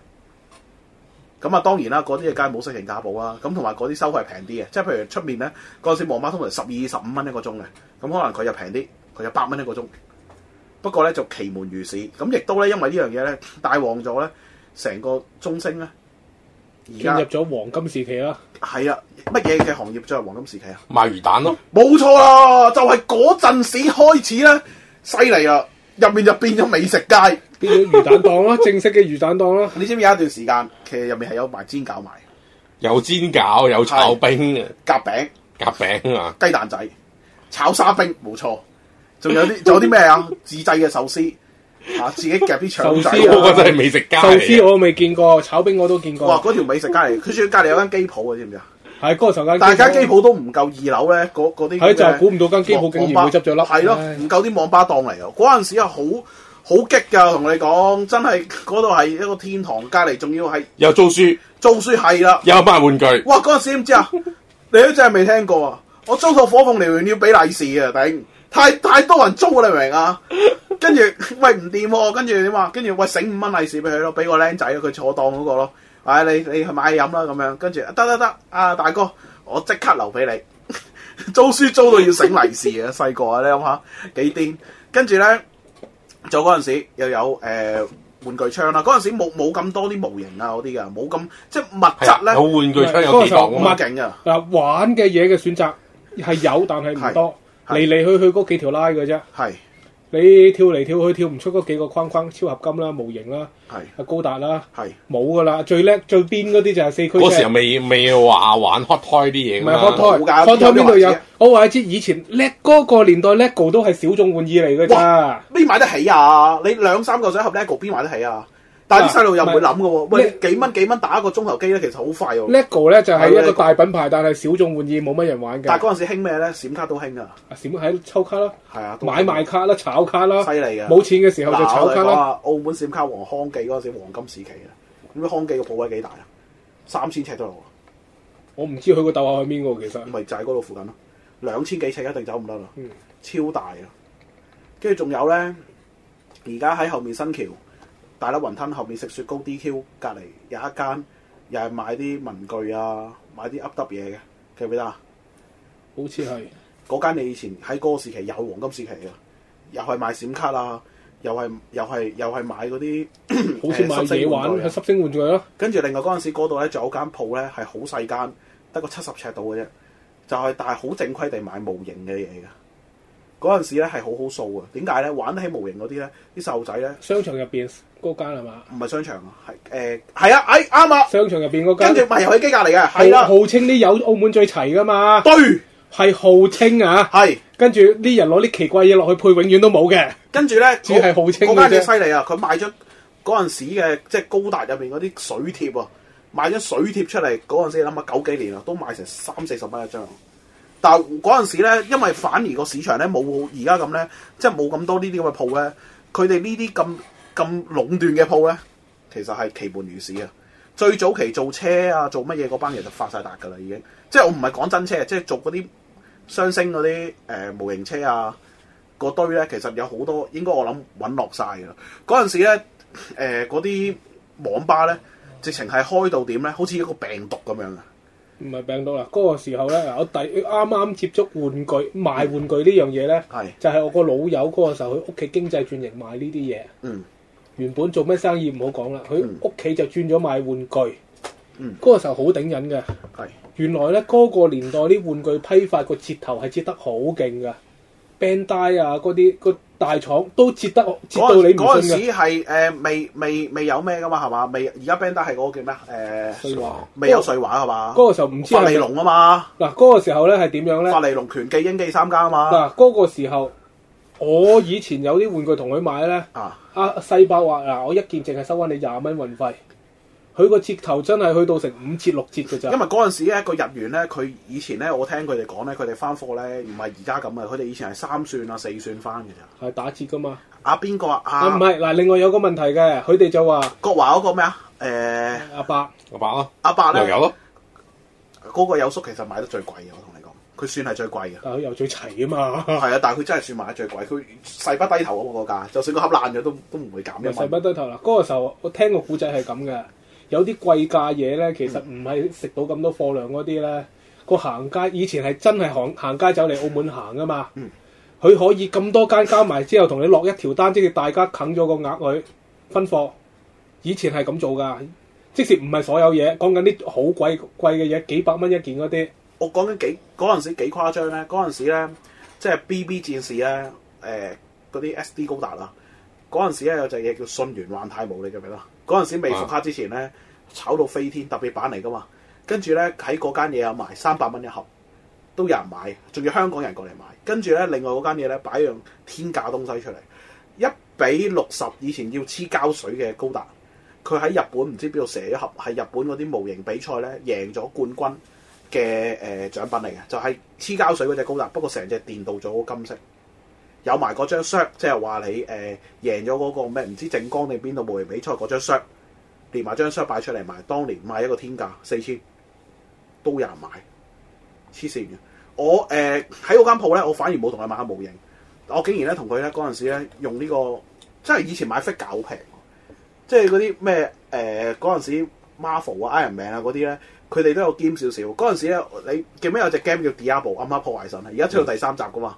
咁啊，當然啦，嗰啲嘢梗係冇識人家補啦。咁同埋嗰啲收費平啲嘅，即係譬如出面咧嗰陣時網吧通常十二十五蚊一個鐘嘅，咁可能佢又平啲。佢有八蚊一個鐘，不過咧就其門如市，咁亦都咧因為呢樣嘢咧大旺咗咧，成個中升咧，而家入咗黃金時期啦。係啊，乜嘢嘅行業就係黃金時期啊？賣魚蛋咯、啊，冇錯啦，就係嗰陣時開始咧，犀利啊，入面就變咗美食街，變咗魚蛋檔咯、啊， 正式嘅魚蛋檔咯、啊。你知唔知有一段時間其實入面係有賣煎餃賣，有煎餃有炒冰嘅夾餅，夾餅啊，雞蛋仔，炒沙冰，冇錯。仲有啲，仲有啲咩啊？自製嘅壽司，啊，自己夾啲腸仔。壽司我真係美食家。壽司我未見過，炒冰我都見過。哇！嗰條美食街嚟，佢仲要隔籬有間機鋪啊？知唔知啊？係嗰個陳家，大家機鋪都唔夠二樓咧。嗰嗰啲，係就估唔到間機鋪竟然會執咗笠。係咯，唔夠啲網吧檔嚟噶。嗰陣時啊，好好激噶，同你講，真係嗰度係一個天堂。隔籬仲要係又租書，租書係啦，又賣玩具。哇！嗰陣時知唔知啊，你都真係未聽過啊？我租套火鳳燎原要俾利是啊，頂！太太多人租，你明啊？跟住，喂，唔掂，跟住點啊？跟住喂，醒五蚊利是俾佢咯，俾個僆仔佢坐檔嗰、嗰個咯。哎，你你買去買飲啦咁樣。跟住、啊、得得得，啊大哥，我即刻留俾你。 租書租到要醒利是 啊，細個啊，你諗下幾癲？跟住咧，就嗰陣時又有誒、呃、玩具槍啦。嗰陣時冇冇咁多啲模型啊嗰啲噶，冇咁即係物質咧。有玩具槍有幾多？唔係勁噶嗱，嘛玩嘅嘢嘅選擇係有，但係唔多。嚟嚟去去嗰幾條拉嘅啫，是你跳嚟跳去跳唔出嗰幾個框框，超合金啦，模型啦，阿是高達啦，冇噶是啦，最叻最癲嗰啲就係四驅、就是。嗰時又未未話玩 hot toy 啲嘢，唔係 hot toy，hot toy 邊度有？我話你知，以前叻嗰個年代，Lego 都係小眾玩意嚟嘅咋。邊買得起啊？你兩三個仔合 Lego，邊買得起啊？但啲細路又唔會諗嘅，喂，幾蚊幾蚊打一個鐘頭機咧，其實好快喎。LEGO 咧就係一個大品牌，但係小眾玩意冇乜人玩嘅。但係嗰陣時興咩咧？閃卡都興啊！閃喺抽卡啦，係啊，買賣卡啦，炒卡啦，犀利嘅。冇錢嘅時候就炒卡啦。澳門閃卡王康記嗰陣時黃金時期啊！咁咩康記個鋪位幾大啊？三千尺都度啊！我唔知佢個鬥下去邊個，其實咪就喺嗰度附近咯，兩千幾尺一定走唔得啦，超大啊！跟住仲有咧，而家喺後面新橋，喺得雲吞後面食雪糕，DQ 隔離有一間又係買啲文具啊，買啲 up up 嘢嘅，記唔記得啊？好似係嗰間，你以前喺嗰個時期有黃金時期啊，又係買閃卡啦，又係又係又係買嗰啲濕星玩、玩濕星玩具咯。跟住另外嗰陣時嗰度咧，仲有間鋪咧係好細間，得個七十尺度嘅啫，就係、是、但係好正規地買模型嘅嘢嘅。嗰陣時咧係好好掃啊！點解咧？玩得起模型嗰啲咧，啲細路仔咧，商場入邊嗰間係嘛？唔係商場、呃、啊，係誒係啊，誒啱號啊！商場入邊嗰間，跟住咪遊戲機架嚟嘅，係啦，號稱啲有澳門最齊噶嘛，堆係對號稱啊，係跟住啲人攞啲奇怪嘢落去配永遠，永遠都冇嘅。跟住咧，只係號稱嗰間最犀利啊！佢賣咗嗰陣時嘅即係高達入邊嗰啲水貼啊。賣咗水貼出嚟嗰陣時，諗下九幾年啊，都賣成三四十蚊一張。嗱，嗰陣時咧，因為反而個市場咧冇而家咁咧，即係冇咁多呢啲咁嘅鋪咧。佢哋呢啲咁咁壟斷嘅鋪咧，其實係其門如市啊！最早期做車啊，做乜嘢嗰班人就發晒達噶啦，已經了了即係我唔係講真車，即係做嗰啲雙星嗰啲誒模型車啊，嗰、那個、堆咧其實有好多，應該我諗揾落晒噶啦。嗰陣時咧，誒嗰啲網吧咧，直情係開到點咧，好似一個病毒咁樣啊！唔係病毒啦，嗰、那個時候咧，嗱我第啱啱接觸玩具賣玩具呢樣嘢咧，mm. 就係我個老友嗰個時候，佢屋企經濟轉型賣呢啲嘢。嗯，mm. 原本做咩生意唔好講啦，佢屋企就轉咗賣玩具。嗯，嗰個時候好頂癮嘅。係，mm. 原來咧嗰、那個年代啲玩具批發、mm. 啊，那個折頭係折得好勁嘅，Bandai 啊嗰啲大廠都接得，折到你唔信噶。嗰陣時係未未未有咩噶嘛，係、呃、嘛？未而家 Bandar 係嗰個叫咩啊？誒碎華，未有碎華係嘛？嗰個，個時候唔知係發利龍啊嘛。嗱，嗰個時候咧係點樣咧？發利龍拳記、英記、三家啊嘛。嗱，嗰個時候我以前有啲玩具同佢買咧。啊啊！細包話嗱，我一件淨係收翻你廿蚊運費。佢個折頭真係去到成五折六折嘅咋，因為嗰陣時咧，個日元咧，佢以前咧，我聽佢哋講咧，佢哋翻貨咧唔係而家咁嘅，佢哋以前係三算啊四算翻嘅咋，係打折噶嘛。阿邊、啊、個啊？唔係嗱，另外有個問題嘅，佢哋就話國華嗰個咩啊？誒阿伯阿伯咯，阿伯咧又有咯。嗰個有叔其實買得最貴嘅，我同你講，佢算係最貴嘅。啊，又最齊啊嘛。係 啊，但係佢真係算買得最貴，佢誓不低頭嗰個價，就算個盒爛咗都都唔會減一蚊。誓不，不低頭啦，嗰、嗰個時候我聽個古仔係咁嘅。有啲貴價嘢咧，其實唔係食到咁多貨量嗰啲咧，個、嗯、行街以前係真係行行街走嚟澳門行噶嘛。佢、嗯、可以咁多間加埋之後，同你落一條單，即係大家啃咗個額去分貨。以前係咁做噶，即使唔係所有嘢講緊啲好貴貴嘅嘢，幾百蚊一件嗰啲。我講緊幾嗰陣時幾誇張咧，嗰陣時咧即係 B B 戰士啊，誒、呃、嗰啲 S D 高達啊，嗰陣時咧有隻嘢叫信源幻太模你記唔記嗰陣時未復刻之前咧，炒到飛天，特別版嚟噶嘛。跟住咧喺嗰間嘢有賣三百蚊一盒，都有人買，仲要香港人過嚟買。跟住咧另外嗰間嘢咧擺樣天價東西出嚟，一比六十以前要黐膠水嘅高達，佢喺日本唔知邊度寫一盒，係日本嗰啲模型比賽咧贏咗冠軍嘅誒、呃、獎品嚟嘅，就係、是、黐膠水嗰隻高達，不過成隻電鍍咗金色。有埋嗰張鑰，即係話你誒贏咗嗰個咩？唔知整光定邊度模型比賽嗰張鑰，連埋張鑰擺出嚟賣。當年賣一個天價，四千都有人買，黐線嘅。我誒喺嗰間鋪咧，我反而冇同佢買下模型，我竟然咧同佢咧嗰陣時咧用呢個，即係以前買 figure 好平，即係嗰啲咩誒嗰陣時 Marvel 啊 Iron Man 啊嗰啲咧，佢哋都有兼少少。嗰陣時咧，你記唔記得有隻 game 叫 Diablo？暗黑破壞神啊，而家出到第三集㗎嘛，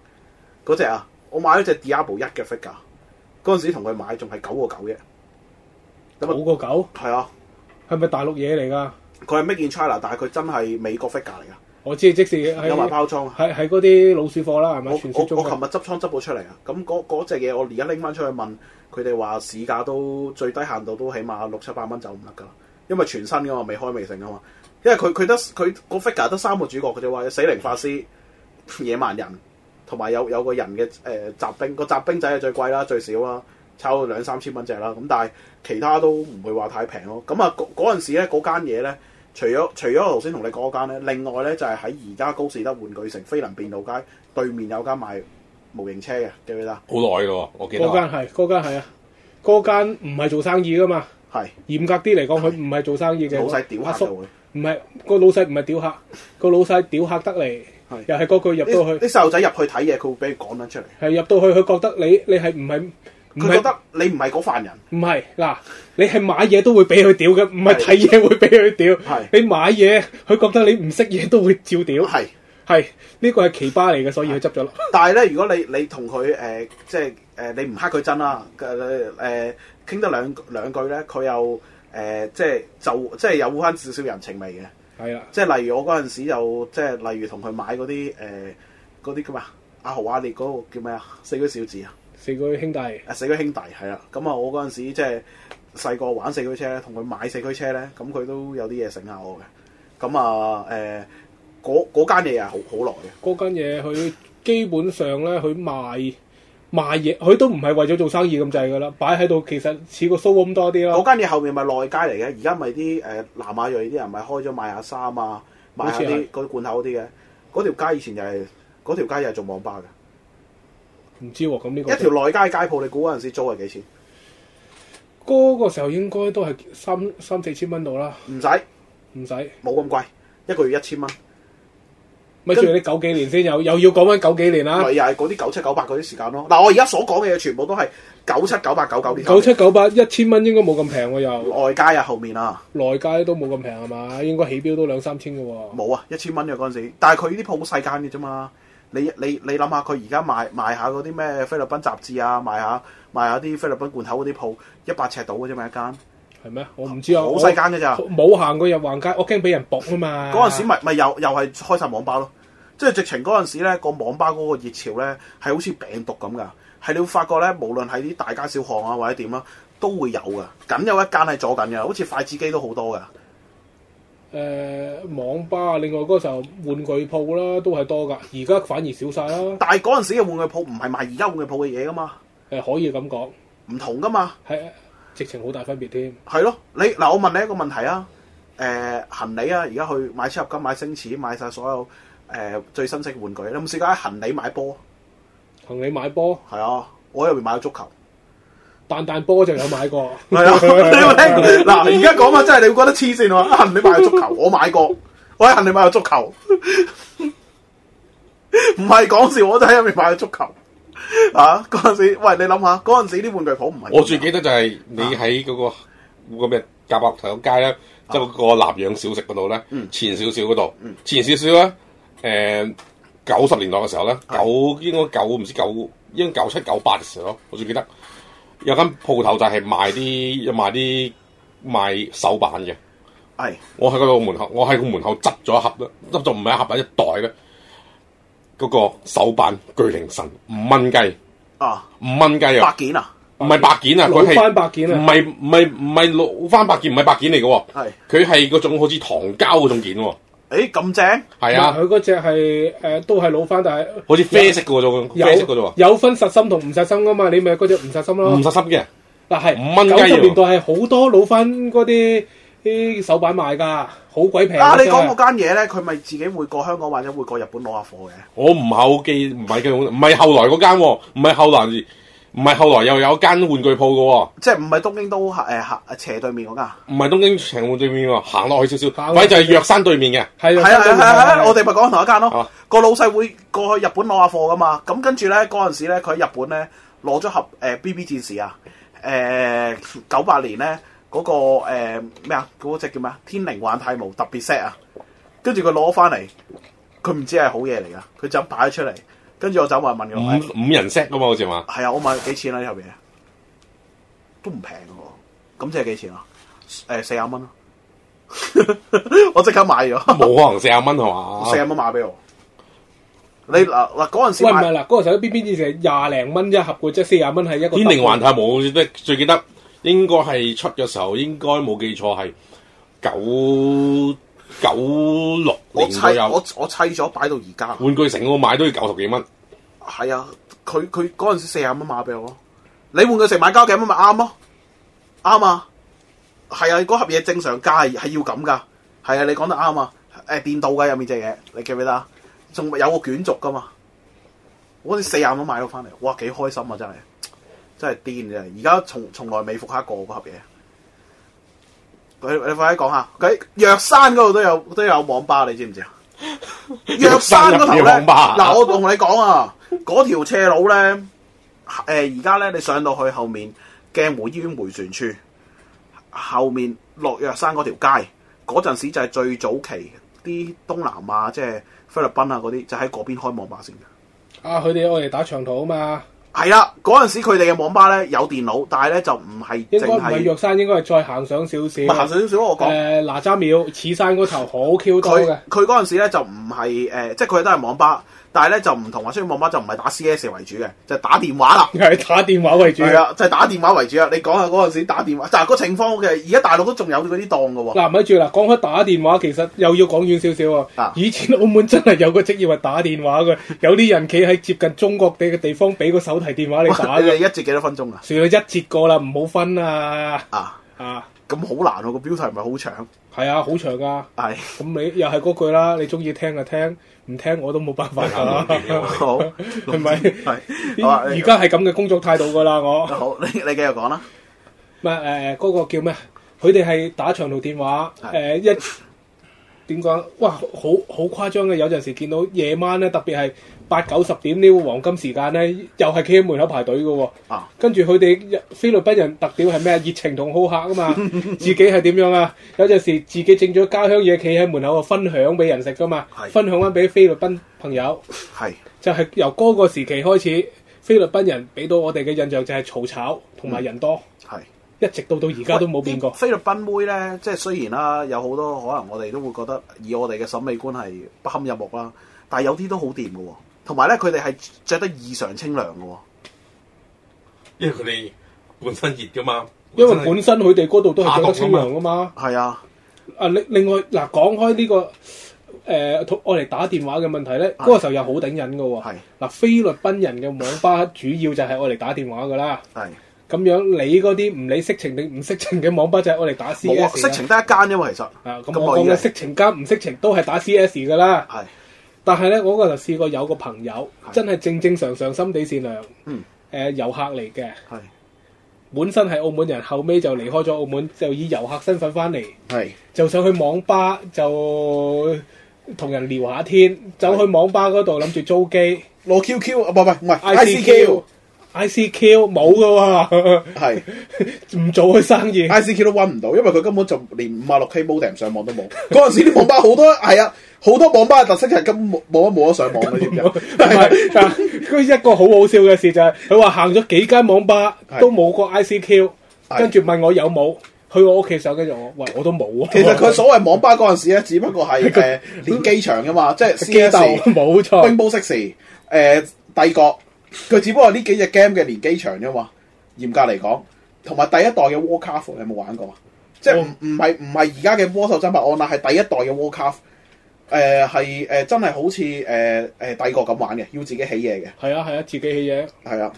嗰隻啊！我買咗隻 Diablo 一嘅 figure 啊！嗰陣時同佢買仲係九個九嘅，九個九係啊！係咪大陸嘢嚟㗎？佢係 Made in China，但係佢真係美國 figure 嚟㗎。我知，即係有埋包裝啊！係嗰啲老鼠貨啦，係咪？我我琴日執倉執到出嚟啊！咁嗰、嗯、隻嘢我而家拎翻出去問佢哋話市價都最低限度都起碼六七百蚊就唔得㗎，因為全新㗎嘛，未開未成㗎嘛。因為佢佢得佢個 figure 得三個主角佢就，話死靈法師、野蠻人，人。同埋有有個人嘅誒、呃、集兵，個集兵仔係最貴啦，最少啦，炒到兩三千蚊隻啦。咁但係其他都唔會話太平咯。咁啊嗰嗰陣時咧，嗰間嘢咧，除咗除咗頭先同你講嗰間咧，另外咧就係喺而家高士德玩具城飛能便度街對面有間賣模型車嘅，記唔記得？好耐㗎喎，我記得。嗰間係嗰 間係啊，嗰間唔係做生意噶嘛，係是嚴格啲嚟講，佢唔係做生意嘅。老細屌客，阿叔唔係個老細，唔係屌客，個老細屌客得嚟。又係嗰句入到去，啲細路仔入去睇嘢，佢會俾佢講返出嚟。係入到去，佢覺得你你係唔係佢係覺得你唔係嗰犯人。唔係嗱，你係買嘢都會俾佢屌嘅，唔係睇嘢會俾佢屌。你買嘢，佢覺得你唔識嘢都會照屌。係係呢個係奇葩嚟嘅，所以佢執咗啦。但係咧，如果你你同佢誒即係誒你唔黑佢真啦，誒傾得兩兩句咧，佢又誒即係就即係有翻少少人情味嘅。係啦，即係例如我嗰陣時又即係例如同佢買嗰啲誒嗰啲叫咩啊？阿豪啊，你嗰個叫咩啊？四驅小子啊，四驅兄弟。啊，四驅兄弟係啦，咁啊我嗰陣時即係細個玩四驅車同佢買四驅車咧，咁佢都有啲嘢醒下我嘅。咁啊誒，嗰嗰間嘢係好好耐嘅。嗰間嘢佢基本上咧，佢賣。賣嘢，佢都唔係為咗做生意咁滯噶啦，擺喺度其實似個 showroom 多啲啦。嗰間嘢後面咪內街嚟嘅，而家咪啲誒南亞裔啲人咪開咗賣下衫啊，賣啲是罐頭嗰啲嘅。嗰條街以前就係嗰條街又係做網吧嘅。唔知喎、啊，咁呢個一條內街街鋪，你估嗰陣時租係幾錢？嗰個時候應該都係三三四千蚊度啦。唔使用，唔使用，冇咁貴，一個月一千蚊。咪住你九幾年先有，又要講翻九幾年啦。咪又係嗰啲九七九八嗰啲時間咯。嗱，我而家所講嘅嘢全部都係九七九八九九年。九七九八一千蚊應該冇咁平喎。又內街啊，後面啊，內街都冇咁平係嘛？應該起標都兩三千嘅喎、啊。冇啊，一千蚊嘅嗰陣時。但係佢呢啲鋪好細間嘅啫嘛。你你你諗下，佢而家賣賣，賣下嗰啲咩菲律賓雜誌啊，賣下賣下啲菲律賓罐頭嗰啲鋪，一百尺到嘅啫嘛一間。係咩？我唔知啊。好細間嘅咋？冇行過入橫街，我驚俾人搏啊嘛。嗰陣 時咪咪又又係開晒網吧咯。即係直情嗰陣時咧，個網吧嗰個熱潮咧係好似病毒咁噶，係你會發覺咧，無論係啲大街小巷啊，或者點啦，都會有噶。咁有一間係做緊嘅，好似筷子機都好多噶。誒、呃，網吧，另外嗰時候玩具鋪啦都係多噶，而家反而少晒啦。但係嗰陣時嘅玩具鋪唔係賣而家玩具鋪嘅嘢噶嘛。誒、呃，可以咁講，唔同噶嘛。係，直情好大分別添。係咯，你嗱我問你一個問題啊？誒、呃，行李啊，而家去買超合金、買星矢、買晒所有。誒，最新式玩具，你有冇試過喺行李買波？行李買波？係啊，我喺入面買咗足球，彈彈波就有買過。係 啊， 你聽嗱，而家講啊，真係你會覺得黐線喎！ 行李買咗足球，我買過，我喺行李買咗足球，唔係講笑，我就喺入面買咗足球啊！嗰 陣 時，喂，你諗下，嗰陣時啲玩具鋪唔係我最記得就係你喺嗰、嗰個咩夾白石街咧，即係、啊、個南洋小食嗰度咧，嗯、前少少嗰度，嗯、前少少啊。誒，九十年代嘅時候咧，九應該九唔知九，應該九七九八嘅時候，我仲記得有間鋪頭就係賣啲，賣啲賣手板嘅。係，我喺個門口，我喺個門口執咗一盒咯，執咗唔係一盒啊，一袋咧。嗰個手板巨靈神五蚊雞。啊，五蚊雞啊，百件啊，唔係百件啊，攞翻百件啊，唔係唔係唔係攞翻百件，唔係百件嚟嘅。係，佢係嗰種好似糖膠嗰種件。誒，咁、欸、正係啊！佢嗰隻係誒，都係老番，但係好似啡色嘅喎，有啡色嘅啫，有，有分實心同唔實心噶嘛？你咪嗰隻唔實心咯，唔實心嘅，但係是五蚊雞。九十年代係好多老番嗰啲啲手板賣噶，好鬼平啊！就是、你講嗰間嘢咧，佢咪自己會過香港或者會過日本攞下貨嘅。我唔係好記，唔係記，唔係後來嗰間，唔係後來。唔係，後來又有間玩具鋪嘅喎，即係唔係東京都行、呃、斜對面嗰間？唔係東京斜對面喎，行落去少少，位就係藥山對面嘅。係啊係啊係啊！啊啊啊啊我哋咪講同一間咯。個、啊、老細會過去日本攞下貨噶嘛。咁跟住咧嗰陣時咧，佢喺日本咧攞咗盒誒、呃、B B 戰士啊，誒九八年咧嗰、嗰個咩啊嗰隻叫咩啊？那個、天靈幻太模特別 set 啊。跟住佢攞翻嚟，佢唔知係好嘢嚟噶，佢就咁擺咗出嚟。跟住我走埋問佢，五五人 set 噶嘛？好似話係嘛？係啊、嗯，我買幾錢咧？呢盒嘢都唔平嘅，咁即係幾錢啊？誒，四十蚊，啊欸啊、 我即刻買咗。冇可能四十蚊係嘛？四十蚊買俾我，你嗱嗱嗰陣時，唔係嗱嗰陣時 b 邊以前廿零蚊一盒即係，四十蚊係一個天靈還太冇，最記得應該係出嘅時候，應該冇記錯係九。九六年，我我砌咗擺到而家。玩具城我買都要九十幾蚊。係啊，佢佢嗰陣時四十蚊買俾我，你玩具城買交幾咁咪啱咯？啱啊，係啊，嗰、啊、盒嘢正常價係要咁噶，係啊，你講得啱啊。誒、欸，電動嘅入面隻嘢，你記唔記得啊？仲有個卷軸噶嘛？我嗰時四十蚊買到翻嚟，哇，幾開心啊！真係真係癲啊！而家從從來未復刻過嗰盒嘢。你你快啲講下，喺藥山嗰度都有都有網吧，你知唔知啊？藥山嗰頭咧，嗱我同你講啊，嗰條斜路咧，誒而家咧你上到去後面鏡湖醫院回旋處後面落藥山嗰條街，嗰陣時就係最早期啲東南亞即係菲律賓啊嗰啲就喺嗰邊開網吧先嘅。啊，佢哋愛嚟打長途啊嘛。係啦，嗰陣時佢哋嘅網吧咧有電腦，但係咧就唔係淨係。應該唔係玉山，應該係再行上少少。唔係行上少少，我講。誒、呃，嗱，哪吒廟，恉山嗰頭好 Q 多嘅。佢佢嗰陣時咧就唔係誒，即係佢哋都係網吧。但係咧就唔同話，所以網吧就唔係打 C S 為主嘅，就係打電話啦，係打電話為主，係啊，就係打電話為主啊！你講下嗰陣時打電話，就係個情況嘅。而家大陸都仲有嗰啲檔噶喎。嗱，咪住啦，講開打電話，其實又要講遠少少啊。以前澳門真係有個職業係打電話嘅，有啲人企喺接近中國嘅地方，俾個手提電話你打嘅。一節幾多分鐘啊？算啦，一節過啦，唔好分啊！啊啊，咁好難啊！個標題係咪好長？係啊，好長噶。係。咁你又係嗰句啦，你中意聽就聽。唔聽我都冇辦法㗎啦。 好，係咪？係。而家係咁嘅工作態度㗎喇。我 好，你你繼續講啦。唔係誒，嗰、嗰個叫咩？佢哋係打長途電話誒的、呃、一。點講哇，好好誇張嘅，有陣時見到夜晚咧，特別係八九十點呢個黃金時間咧，又係企喺門口排隊嘅。啊！跟住佢哋菲律賓人特點係咩啊？熱情同好客啊嘛， 自己係點樣啊？有陣時自己整咗家鄉嘢，企喺門口啊，分享俾人食噶嘛。是分享翻俾菲律賓朋友。係是就係由嗰個時期開始，菲律賓人俾到我哋嘅印象就係嘈吵同埋人多。係、嗯。一直到到而家都冇變過。菲律賓妹咧，即係雖然啦，有好多可能我哋都會覺得以我哋嘅審美觀係不堪入目啦，但係有啲都好掂嘅喎。同埋咧，佢哋係着得異常清涼嘅喎。因為佢哋本身熱嘅嘛。因為本身佢哋嗰度都係着得清涼嘅嘛。係啊。啊，另另外嗱，講開呢、呢個誒，我、呃、嚟打電話嘅問題咧，嗰的個時候又好頂癮嘅喎。嗱的、啊，菲律賓人嘅網吧主要就係我嚟打電話嘅啦。係。咁樣，你嗰啲唔理色情定唔色情嘅網吧就係我哋打 C S。色情得一間，因為其實啊，咁、嗯嗯、我講嘅色情間唔色情都係打 C S 嘅啦。係是，但係咧，我嗰陣試過有個朋友，是真係正正常常、心地善良，嗯，誒、呃、遊客嚟嘅，係是本身係澳門人，後尾就離開咗澳門，就以遊客身份翻嚟，係是就上去網吧就同人聊下天，走去網吧嗰度諗住租機攞、嗯、Q Q，唔係唔係唔係 I C Q。I C Q 冇噶喎，係 唔做佢生意。I C Q 都搵唔到，因為佢根本就連五啊六 K modem 上網都冇。嗰陣 時啲網吧好多係啊，好多網吧嘅特色就係根本冇冇得冇得上網嘅，點樣？唔係 佢一個好好笑嘅事就係、是，佢話行咗幾間網吧 都冇個 I C Q，跟住問我有冇，去我屋企上，跟住我喂我都冇啊。其實佢所謂網吧嗰陣時咧，只不過係誒連機場噶嘛，即係 機鬥豆，冇錯錯，冰波式士，誒帝國。佢只不過呢幾隻 game 嘅年紀長啫嘛。嚴格嚟講，同埋第一代嘅 Warcraft 你有冇玩過啊？即係唔唔係唔係而家嘅《魔獸爭霸 Online》，係第一代嘅 Warcraft、呃。誒係、呃、真係好似誒誒帝國咁玩嘅，要自己起嘢嘅、啊。係啊係啊，自己起嘢。係啊，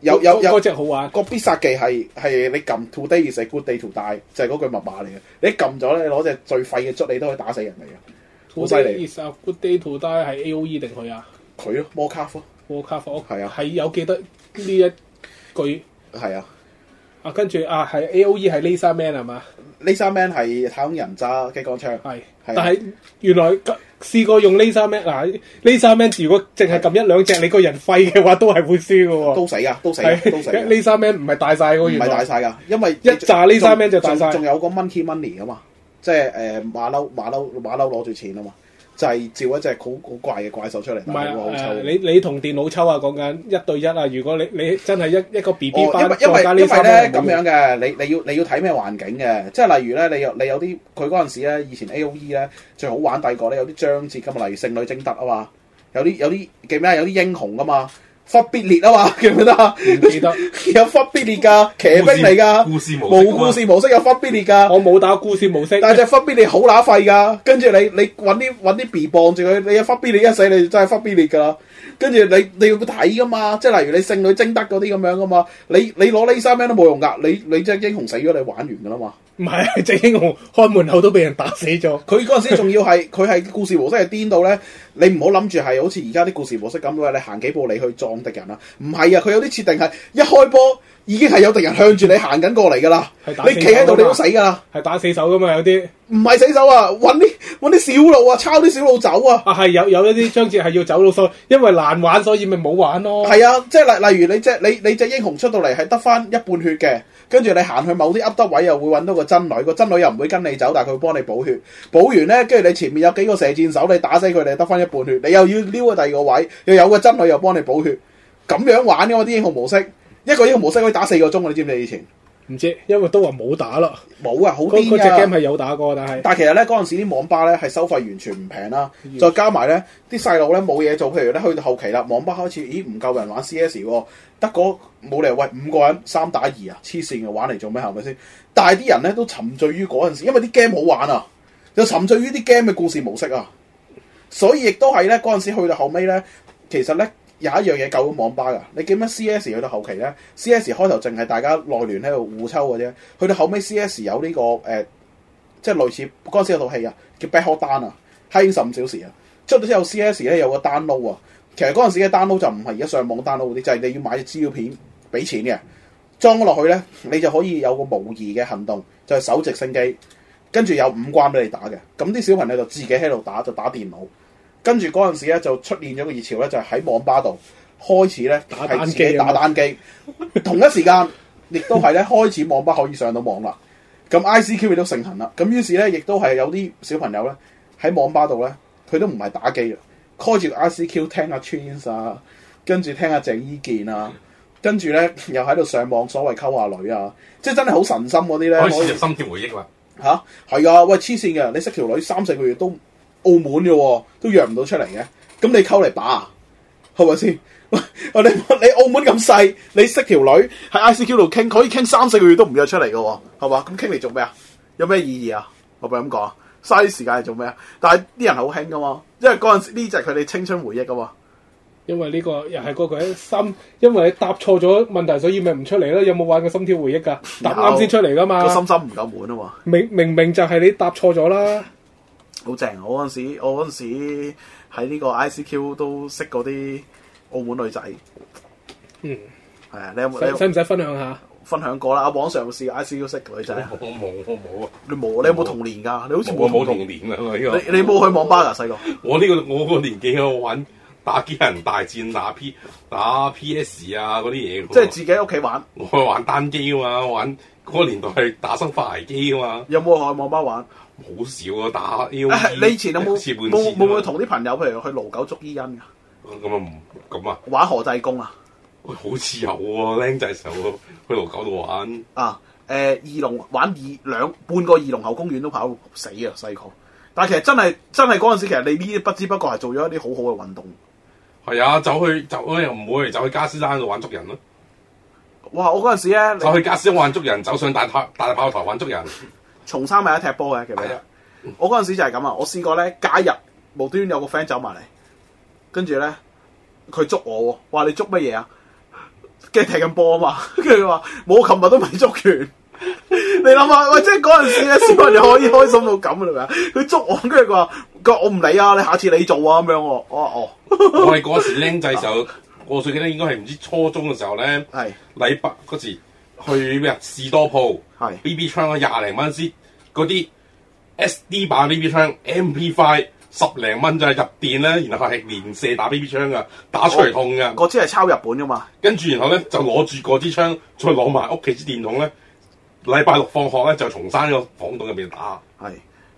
有有有隻、那個、好玩個必殺技係係你撳 today is a good day to die，就係嗰句密碼嚟嘅。你撳咗咧，你攞隻最廢嘅卒你都可以打死人嚟嘅，好犀利。good day to die 係 A O E 定佢啊？佢咯，Warcraft。Warcraft 屋係啊，係有記得呢一句係啊，啊跟住啊係 A O E 係 Laser Man 係嘛，Laser Man 係太空人揸激光槍，係，但係原來試過用 Laser Man 嗱，Laser Man 如果淨係撳一兩隻你個人廢嘅話，都係會輸嘅喎，都死啊，都死，都死。Laser Man 唔係大晒喎，唔係大晒噶，因為一炸 Laser Man 就大晒，仲有個 Monkey Money 啊嘛，即係誒馬騮馬騮馬騮攞住錢啊嘛。就係召一隻好好怪嘅怪獸出嚟，唔係啊！你你同電腦抽啊，講緊一對一啊！如果你你真係一一個 B B 班、哦、因再加呢三，咧咁樣嘅，你你要你要睇咩環境嘅？即係例如咧，你有你有啲佢嗰陣時咧，以前 A O E 咧最好玩第二個咧，有啲章節咁啊，例如聖女貞德啊嘛，有啲有啲叫咩有啲英雄噶嘛。忽必烈啊嘛，記唔記得啊？記得，記得 有忽必烈噶，騎兵嚟、啊、噶，冇故，故事模式有忽必烈噶。我冇打故事模式，但係隻忽必烈好乸廢噶。跟住你你揾啲揾啲 B 傍住佢，你有忽必烈一死你就真係忽必烈噶啦。跟住你你，你要睇噶嘛，即係例如你聖女貞德嗰啲咁樣噶嘛，你你攞呢三樣都冇用噶，你你隻英雄死咗你玩完噶啦嘛。唔係，隻英雄開門口都俾人打死咗。佢嗰陣時仲要係，佢係 故事模式係癲到咧。你唔好諗住係好似而家啲故事模式咁，話你行幾步你去撞敵人啦。唔係啊，佢有啲設定係一開波。已經係有敵人向住你行緊過嚟噶啦，你企喺度你都死噶啦，係打死手噶嘛有啲，唔係死手啊，搵啲搵啲小路啊，抄啲小路走啊，啊係有有一啲章節係要走到路所以， 因為難玩所以咪冇玩咯，係啊，即係例例如你隻你你隻英雄出到嚟係得翻一半血嘅，跟住你行去某啲凹得位又會搵到個真女，個真女又唔會跟你走，但係佢會幫你補血，補完呢，跟住你前面有幾個射箭手你打死佢你得翻一半血，你又要撩去第二個位，又有個真女又幫你補血，咁樣玩噶嘛啲英雄模式。一個一個模式可以打四個鐘，你知唔知以前？唔知，因為都話冇打啦，冇啊，好多啊！只 game 係有打過，但係但係其實咧嗰陣時啲網吧咧係收費完全唔平啦，要是 再加埋咧啲細路咧冇嘢做，譬如咧去到後期啦，網吧開始咦唔夠人玩 C.S. 得嗰冇理由喂五個人三打二啊，黐線嘅玩嚟做咩？係咪先？但係啲人咧都沉醉於嗰陣時，因為啲 game 好玩啊，就沉醉於啲 game 嘅故事模式啊，所以亦都係咧嗰陣時去到後尾咧，其實咧。有一樣嘢救咗網吧噶，你記唔記得 C.S. 去到後期咧？C.S. 開頭淨係大家內聯喺度互抽嘅啫，去到後尾 C.S. 有呢、這個誒、呃，即係類似嗰陣時有套戲啊，叫《Black Hawk Down》啊，係十五小時啊。出到之後 CS 呢有 C.S. 咧有個 download 啊，其實嗰陣時嘅 download 就唔係而家上網 download 嗰啲，就係、是、你要買資料片，俾錢嘅，裝落去咧，你就可以有個模擬嘅行動，就係守直升機，跟住有五關俾你打嘅，咁啲小朋友就自己喺度打，就打電腦。跟住嗰陣時咧，就出現咗個熱潮咧，就喺網吧度開始咧，係、啊、自己打單機。 同一時間，亦都係咧開始網吧可以上到網啦。咁 ICQ 亦都盛行啦。咁於是咧，亦都係有啲小朋友咧喺網吧度咧，佢都唔係打機啦，開住 ICQ 聽下、啊、Twins 啊，跟住聽下鄭伊健啊，跟住咧又喺度上網，所謂溝下女啊，即係真係好神心嗰啲咧。開始就心跳回應啦、啊。吓、啊，係啊，喂，黐線嘅，你識條女三四個月都。澳門嘅喎，都約唔到出嚟嘅，咁你溝嚟把啊，係咪先？我 你你澳門咁細，你識條女喺 ICQ 度傾，可以傾三四個月都唔約出嚟嘅，係嘛？咁傾嚟做咩啊？有咩意義啊？我咪咁講，嘥啲時間係做咩啊？但係啲人好興噶嘛，因為嗰陣時呢就係佢哋青春回憶噶，因為呢個又係嗰個心，因為你答錯咗問題，所以咪唔出嚟咯。有冇玩過心跳回憶噶？答啱先出嚟噶嘛，個心心唔夠滿啊嘛明，明明明就係你答錯咗啦。好正！我嗰陣時我嗰陣時喺呢個 ICQ 都識嗰啲澳門女仔。嗯，係啊，你有冇？使唔使分享下？分享過啦，網上試 ICQ 識女仔。我冇，我冇啊！你冇？你有冇童年㗎？你好似冇童年。我冇童年啊！依、呢個你冇去網吧啊？細個，我呢個我個年紀我玩打、打機人大戰打 P 打 PS 啊嗰啲嘢。即係自己喺屋企玩。我去玩單機啊，玩。嗰個年代係打生化危機啊嘛！有冇去網吧玩？好少啊，打 A G,、啊、你以前有冇冇冇冇同啲朋友，譬如去盧九捉依因㗎？咁啊唔咁啊！玩何濟公啊？好似有喎、啊，僆仔時候去盧九度玩啊！誒、呃、二龍玩二兩半個二龍喉公園都跑死啊，細個！但係其實真係真係嗰陣時，其實你呢啲不知不覺係做咗一啲好好嘅運動。係啊，走去就咧唔會走去加斯山度玩捉人咯。哇！我嗰陣時咧，就去駕師揾捉人，走上大炮大炮台揾捉人。重生從生咪一踢波嘅，其實係。哎、呀我嗰陣時就係咁啊！我試過咧，假如無端端有個 friend 走埋嚟，跟住咧佢捉我，話你捉乜嘢啊？跟住踢緊波啊嘛，跟住佢話冇琴日都未捉完。 欸、完 你諗下，喂，即係嗰陣時咧，小朋友可以開心到咁啊？係咪啊？佢捉 我，跟住佢話：我唔理啊，你下次你做啊咁樣。我話：哦， 我係嗰時僆仔手。 啊我最記得應該係唔知初中嘅時候咧，是禮拜嗰時去咩士多鋪是，BB 槍廿零蚊先，嗰啲 SD 版 BB 槍 MP5 十零蚊就係入電啦，然後係連射打 BB 槍噶，打出嚟痛噶。嗰支係抄日本噶嘛。跟住然後咧就攞住嗰支槍，再攞埋屋企支電筒咧，禮拜六放學咧就重生個房度入邊打。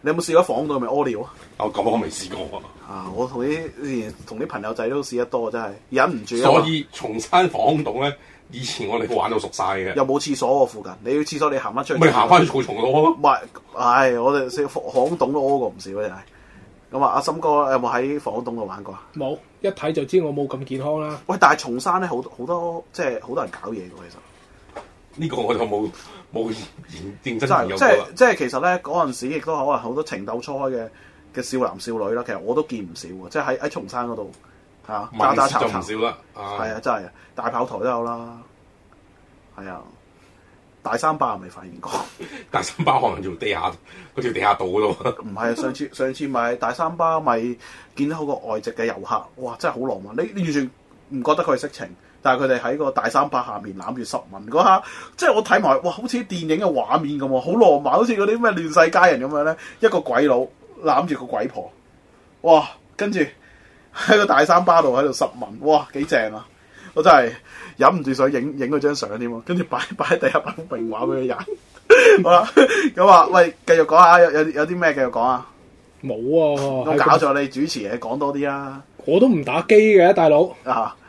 你有冇試過防空洞咪屙尿啊？哦咁，我未試過啊嘛。啊，我同啲同啲朋友仔都試得多，真係忍唔住啊，所以，松山防空洞咧，以前我哋都玩到熟晒嘅。有冇廁所喎、啊，附近。你要廁所，你行返出去。咪行翻草叢度屙唔係，唉、哎，我哋食防空洞都屙過唔少嘅。咁啊，阿森、啊、哥有冇喺防空洞度玩過啊？冇，一睇就知我冇咁健康啦。喂，但係松山咧，好好多，即係好多人搞嘢嘅喎，其實。呢個我就冇冇認認真真有過啦。即即其實咧嗰陣時，亦都可能好多情竇初開嘅嘅少男少女啦。其實我都見唔少喎。即喺喺松山嗰度嚇，渣、啊、渣少炒，係啊，啊，真係大炮台都有啦，係啊，大三巴我未發現過。 大三巴可能做地下嗰條地下道咯。唔係啊，上次上次咪大三巴咪見到好個外籍嘅遊客，哇！真係好浪漫，你，你，你完全唔覺得佢係色情？但係佢哋喺個大三巴下面攬住濕吻嗰下，即係我睇埋哇，好似電影嘅畫面咁，好浪漫，好似嗰啲咩亂世佳人咁樣咧。一個鬼佬攬住個鬼婆，哇！跟住喺個大三巴度喺度濕吻，哇，幾正啊！我真係忍唔住想影影嗰張相添，跟住擺擺第一幅名畫俾佢入。 好啦，咁話喂，繼續講下有有啲咩繼續講啊？冇啊！我搞錯你主持，你講的多啲啊！我都唔打機嘅，大佬啊！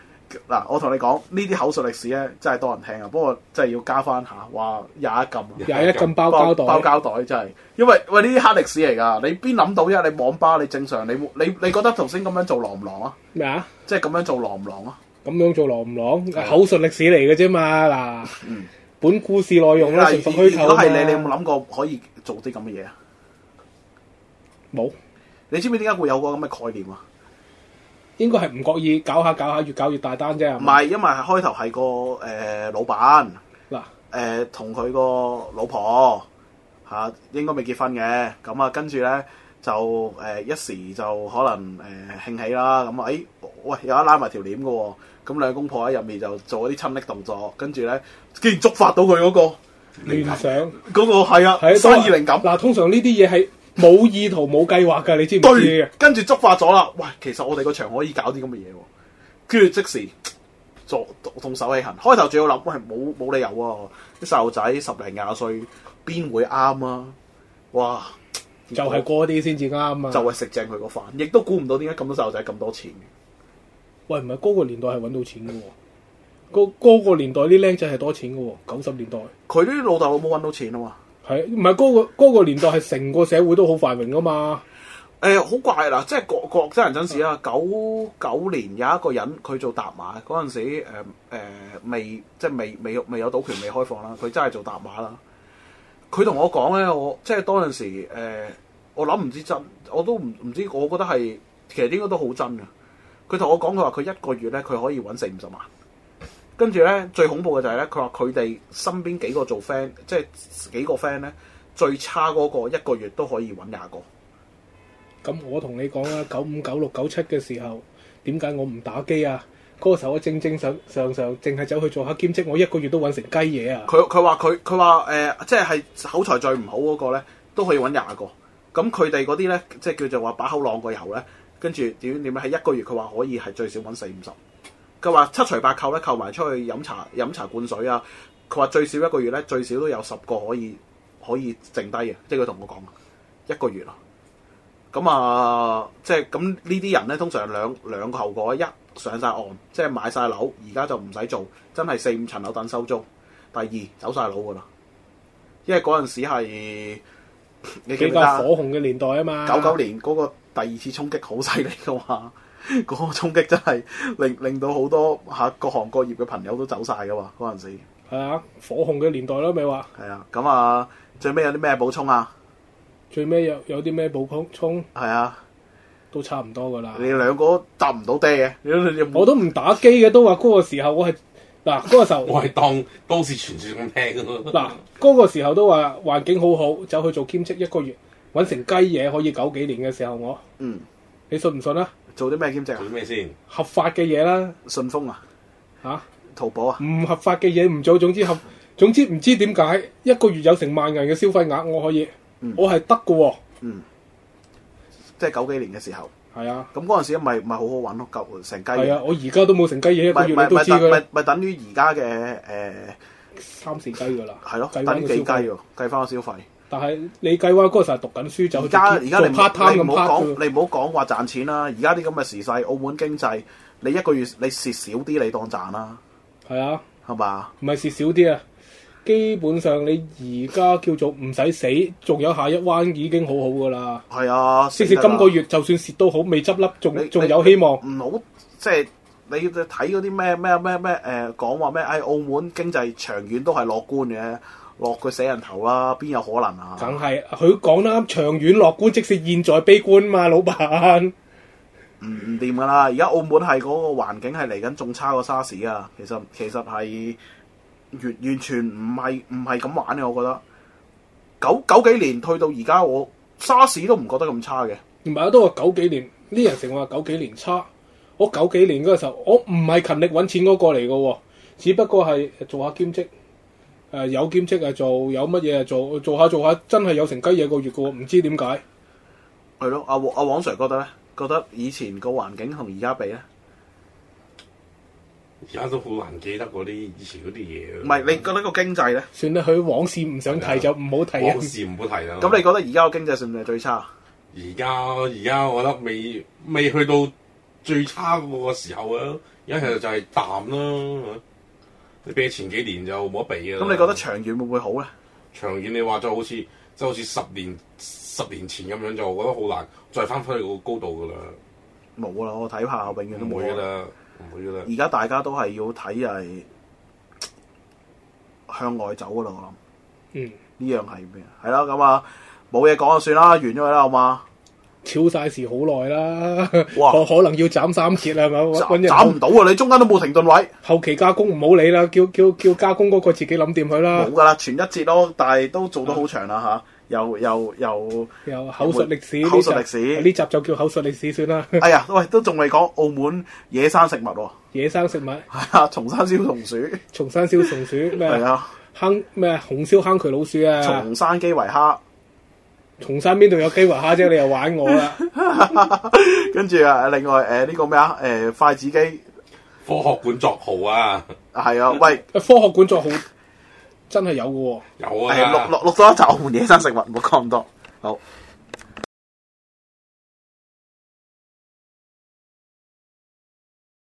嗱，我同你講呢啲口述歷史咧，真係多人聽啊！不過真係要加翻下，哇廿一禁，廿一禁包膠袋，包膠袋真係，因為喂呢啲黑歷史嚟噶，你邊諗到啫？因為你網吧，你正常，你你你覺得頭先咁樣做狼唔狼啊？咩啊？即係咁樣做狼唔狼啊？咁樣做狼唔狼？口述歷史嚟嘅啫嘛，嗱，本故事內容咧純屬虛構。如果係你，你有冇諗過可以做啲咁嘅嘢啊？冇。你知唔知點解會有個咁嘅概念啊？應該係唔覺意搞下搞下越搞越大單啫，唔係，因為開頭係個誒、呃、老闆嗱，誒同佢個老婆吓、啊，應該未結婚嘅，咁啊跟住咧就誒、呃、一時就可能誒、呃、興起啦，咁啊誒、哎、喂，有一拉埋條鏈噶，咁、啊、兩公婆喺入面就做啲親昵動作，跟住咧竟然觸發到佢嗰個聯想，嗰、那個係啊，係生意靈感嗱、啊啊，通常呢啲嘢係。冇意圖冇計劃噶，你知唔知啊？跟住觸發咗啦，喂，其實我哋個場可以搞啲咁嘅嘢，跟住即時做動手起行。開頭仲要諗，喂、哎，冇冇理由啊！啲細路仔十零廿歲邊會啱啊？哇，就係過啲先至啱啊！就係食正佢個飯，亦都估唔到點解咁多細路仔咁多錢，喂，唔係，嗰個年代係搵到錢嘅，嗰嗰 個年代啲僆仔係多錢嘅，九十年代。佢啲老豆老母搵到錢啦嘛。係，唔係嗰個、嗰個年代係成個社會都好繁榮噶嘛？誒、呃，好怪啦，即係個個真人真事啦。九九年有一個人佢做搭馬，嗰陣時誒誒、呃、未，即係未未未，未有賭權未開放啦，佢真係做搭馬啦。佢同我講咧，我即係當陣時誒、呃，我諗唔知真，我都唔唔知，我覺得係其實應該都好真噶。佢同我講佢話，佢一個月咧佢可以搵四五十萬。跟住咧，最恐怖嘅就係咧，佢話佢哋身邊幾個做 friend，即係幾個 friend 咧，最差嗰個一個月都可以揾廿個。咁我同你講啦， 九五九六九七嘅時候，點解我唔打機啊？嗰個時候我正正上上上，淨係走去做下兼職，我一個月都揾成雞嘢啊！佢佢話佢佢話誒，即係口才最唔好嗰個咧，都可以揾廿個。咁佢哋嗰啲咧，即係叫做話把口浪過油咧，跟住點點樣喺一個月，佢話可以係最少揾四五十。佢話七除八扣咧，扣埋出去飲茶飲茶灌水啊！佢話最少一個月咧，最少都有十個可以可以剩低嘅，即係佢同我講啊，一個月啊！咁啊，即係咁呢啲人咧，通常兩兩個後果：一上晒岸，即係買晒樓，而家就唔使做，真係四五層樓等收租；第二走晒佬噶啦，因為嗰陣時係你記得比較火紅嘅年代啊嘛，九九年嗰個第二次衝擊好犀利嘅話。個衝擊真係令令到好多吓各行各業嘅朋友都走晒噶嘛，嗰陣時係啊，火紅嘅年代咯，咪話係啊。咁啊，最尾有啲咩補充啊？最尾有有啲咩補充？係啊的，都差唔多噶啦。你兩個搭唔到爹嘅，我都唔打機嘅，都話嗰個時候我係嗱嗰個時候 我係當都市傳說咁聽。嗱、 啊，嗰、那個時候都話環境好好，走去做兼職一個月，搵成雞嘢可以九幾年嘅時候我嗯，你信唔信啊？做啲咩兼職？做啲咩先？合法嘅嘢啦。順豐啊？嚇？淘寶啊？唔、啊、合法嘅嘢唔做。總之合，總之唔知點解一個月有成萬銀嘅消費額，我可以，嗯、我係得嘅喎。嗯，即係九幾年嘅時候。係啊。咁嗰陣時咪咪好好玩咯，成雞。係啊，我而家都冇成雞嘢一個月你都知。知，咪咪等於而家嘅誒三四雞噶啦。係咯、啊，計幾雞？計翻個消費。但係你計劃嗰時候讀緊書就而家而家你 part time part time 你唔好講你唔好講話賺錢啦！而家啲咁嘅時勢，澳門經濟，你一個月你蝕少啲，你當賺啦。係啊，係嘛吧？唔係蝕少啲啊！基本上你而家叫做唔使死，仲有下一彎已經好好噶啦。係啊，即使今個月就算蝕都好，未執笠，仲仲有,你有希望。唔好即係你睇嗰啲咩咩咩咩誒，講話咩？唉，喺澳門經濟長遠都係樂觀嘅。落個死人頭啦，邊有可能啊？梗係佢講得啱，長遠樂觀，即使現在悲觀嘛，老闆。唔唔掂噶啦！而家澳門係嗰個環境係嚟緊仲差過沙士啊！其實其實係完完全唔係唔係咁玩嘅，我覺得。九九幾年退到而家，我沙士都唔覺得咁差嘅。唔係都話九幾年呢？人成話九幾年差。我九幾年嗰時候，我唔係勤力搵錢嗰個嚟噶，只不過係做下兼職。誒，有兼職啊做，有乜嘢啊做，做下做下，真係有成雞嘢個月噶，唔知點解。係咯，阿、啊、阿黃 Sir 覺得咧，覺得以前個環境同而家比咧，而家都好難記得嗰啲以前嗰啲嘢。唔係，你覺得個經濟咧？算得佢往事唔想提就唔好提。往事唔好提啦。咁你覺得而家個經濟係咪最差？而家而家，我覺得未未去到最差嗰個時候啊，而家其實就係淡囉。你比前幾年就冇得比嘅啦。咁你覺得長遠會唔會好咧？長遠你話就好似，即係好似十年十年前咁樣就，我覺得好難再翻返去個高度噶啦。冇啦，我睇下我永遠，永遠都冇啦，冇啦。而家大家都係要睇係向外走噶啦，我諗。嗯。呢樣係咩？係啦，咁啊，冇嘢講就算啦，完咗佢啦，好嘛？超晒時好耐啦，哇可能要斬三節啦，係咪？斬唔到啊！你中間都冇停頓位，後期加工唔好理啦，叫叫叫加工嗰個自己諗掂佢啦。冇噶啦，全一節咯，但係都做到好長啦嚇，又又又又口述歷史，口述歷史呢集就叫口述歷史算啦。哎呀，喂，都仲未講澳門野生食物喎，野生食物，松山燒松鼠，松山燒松鼠咩啊？坑咩紅燒坑渠老鼠啊？松山基圍蝦。重新邊度有機會？蝦姐，姐，你又玩我啦！ 跟住啊，另外誒呢、呃這個咩啊？誒、呃、筷子機、科學館作號啊，係啊，啊，喂！科學館作號真係有嘅、啊，有啊，錄錄錄多一集換野生食物，唔好講咁多，好。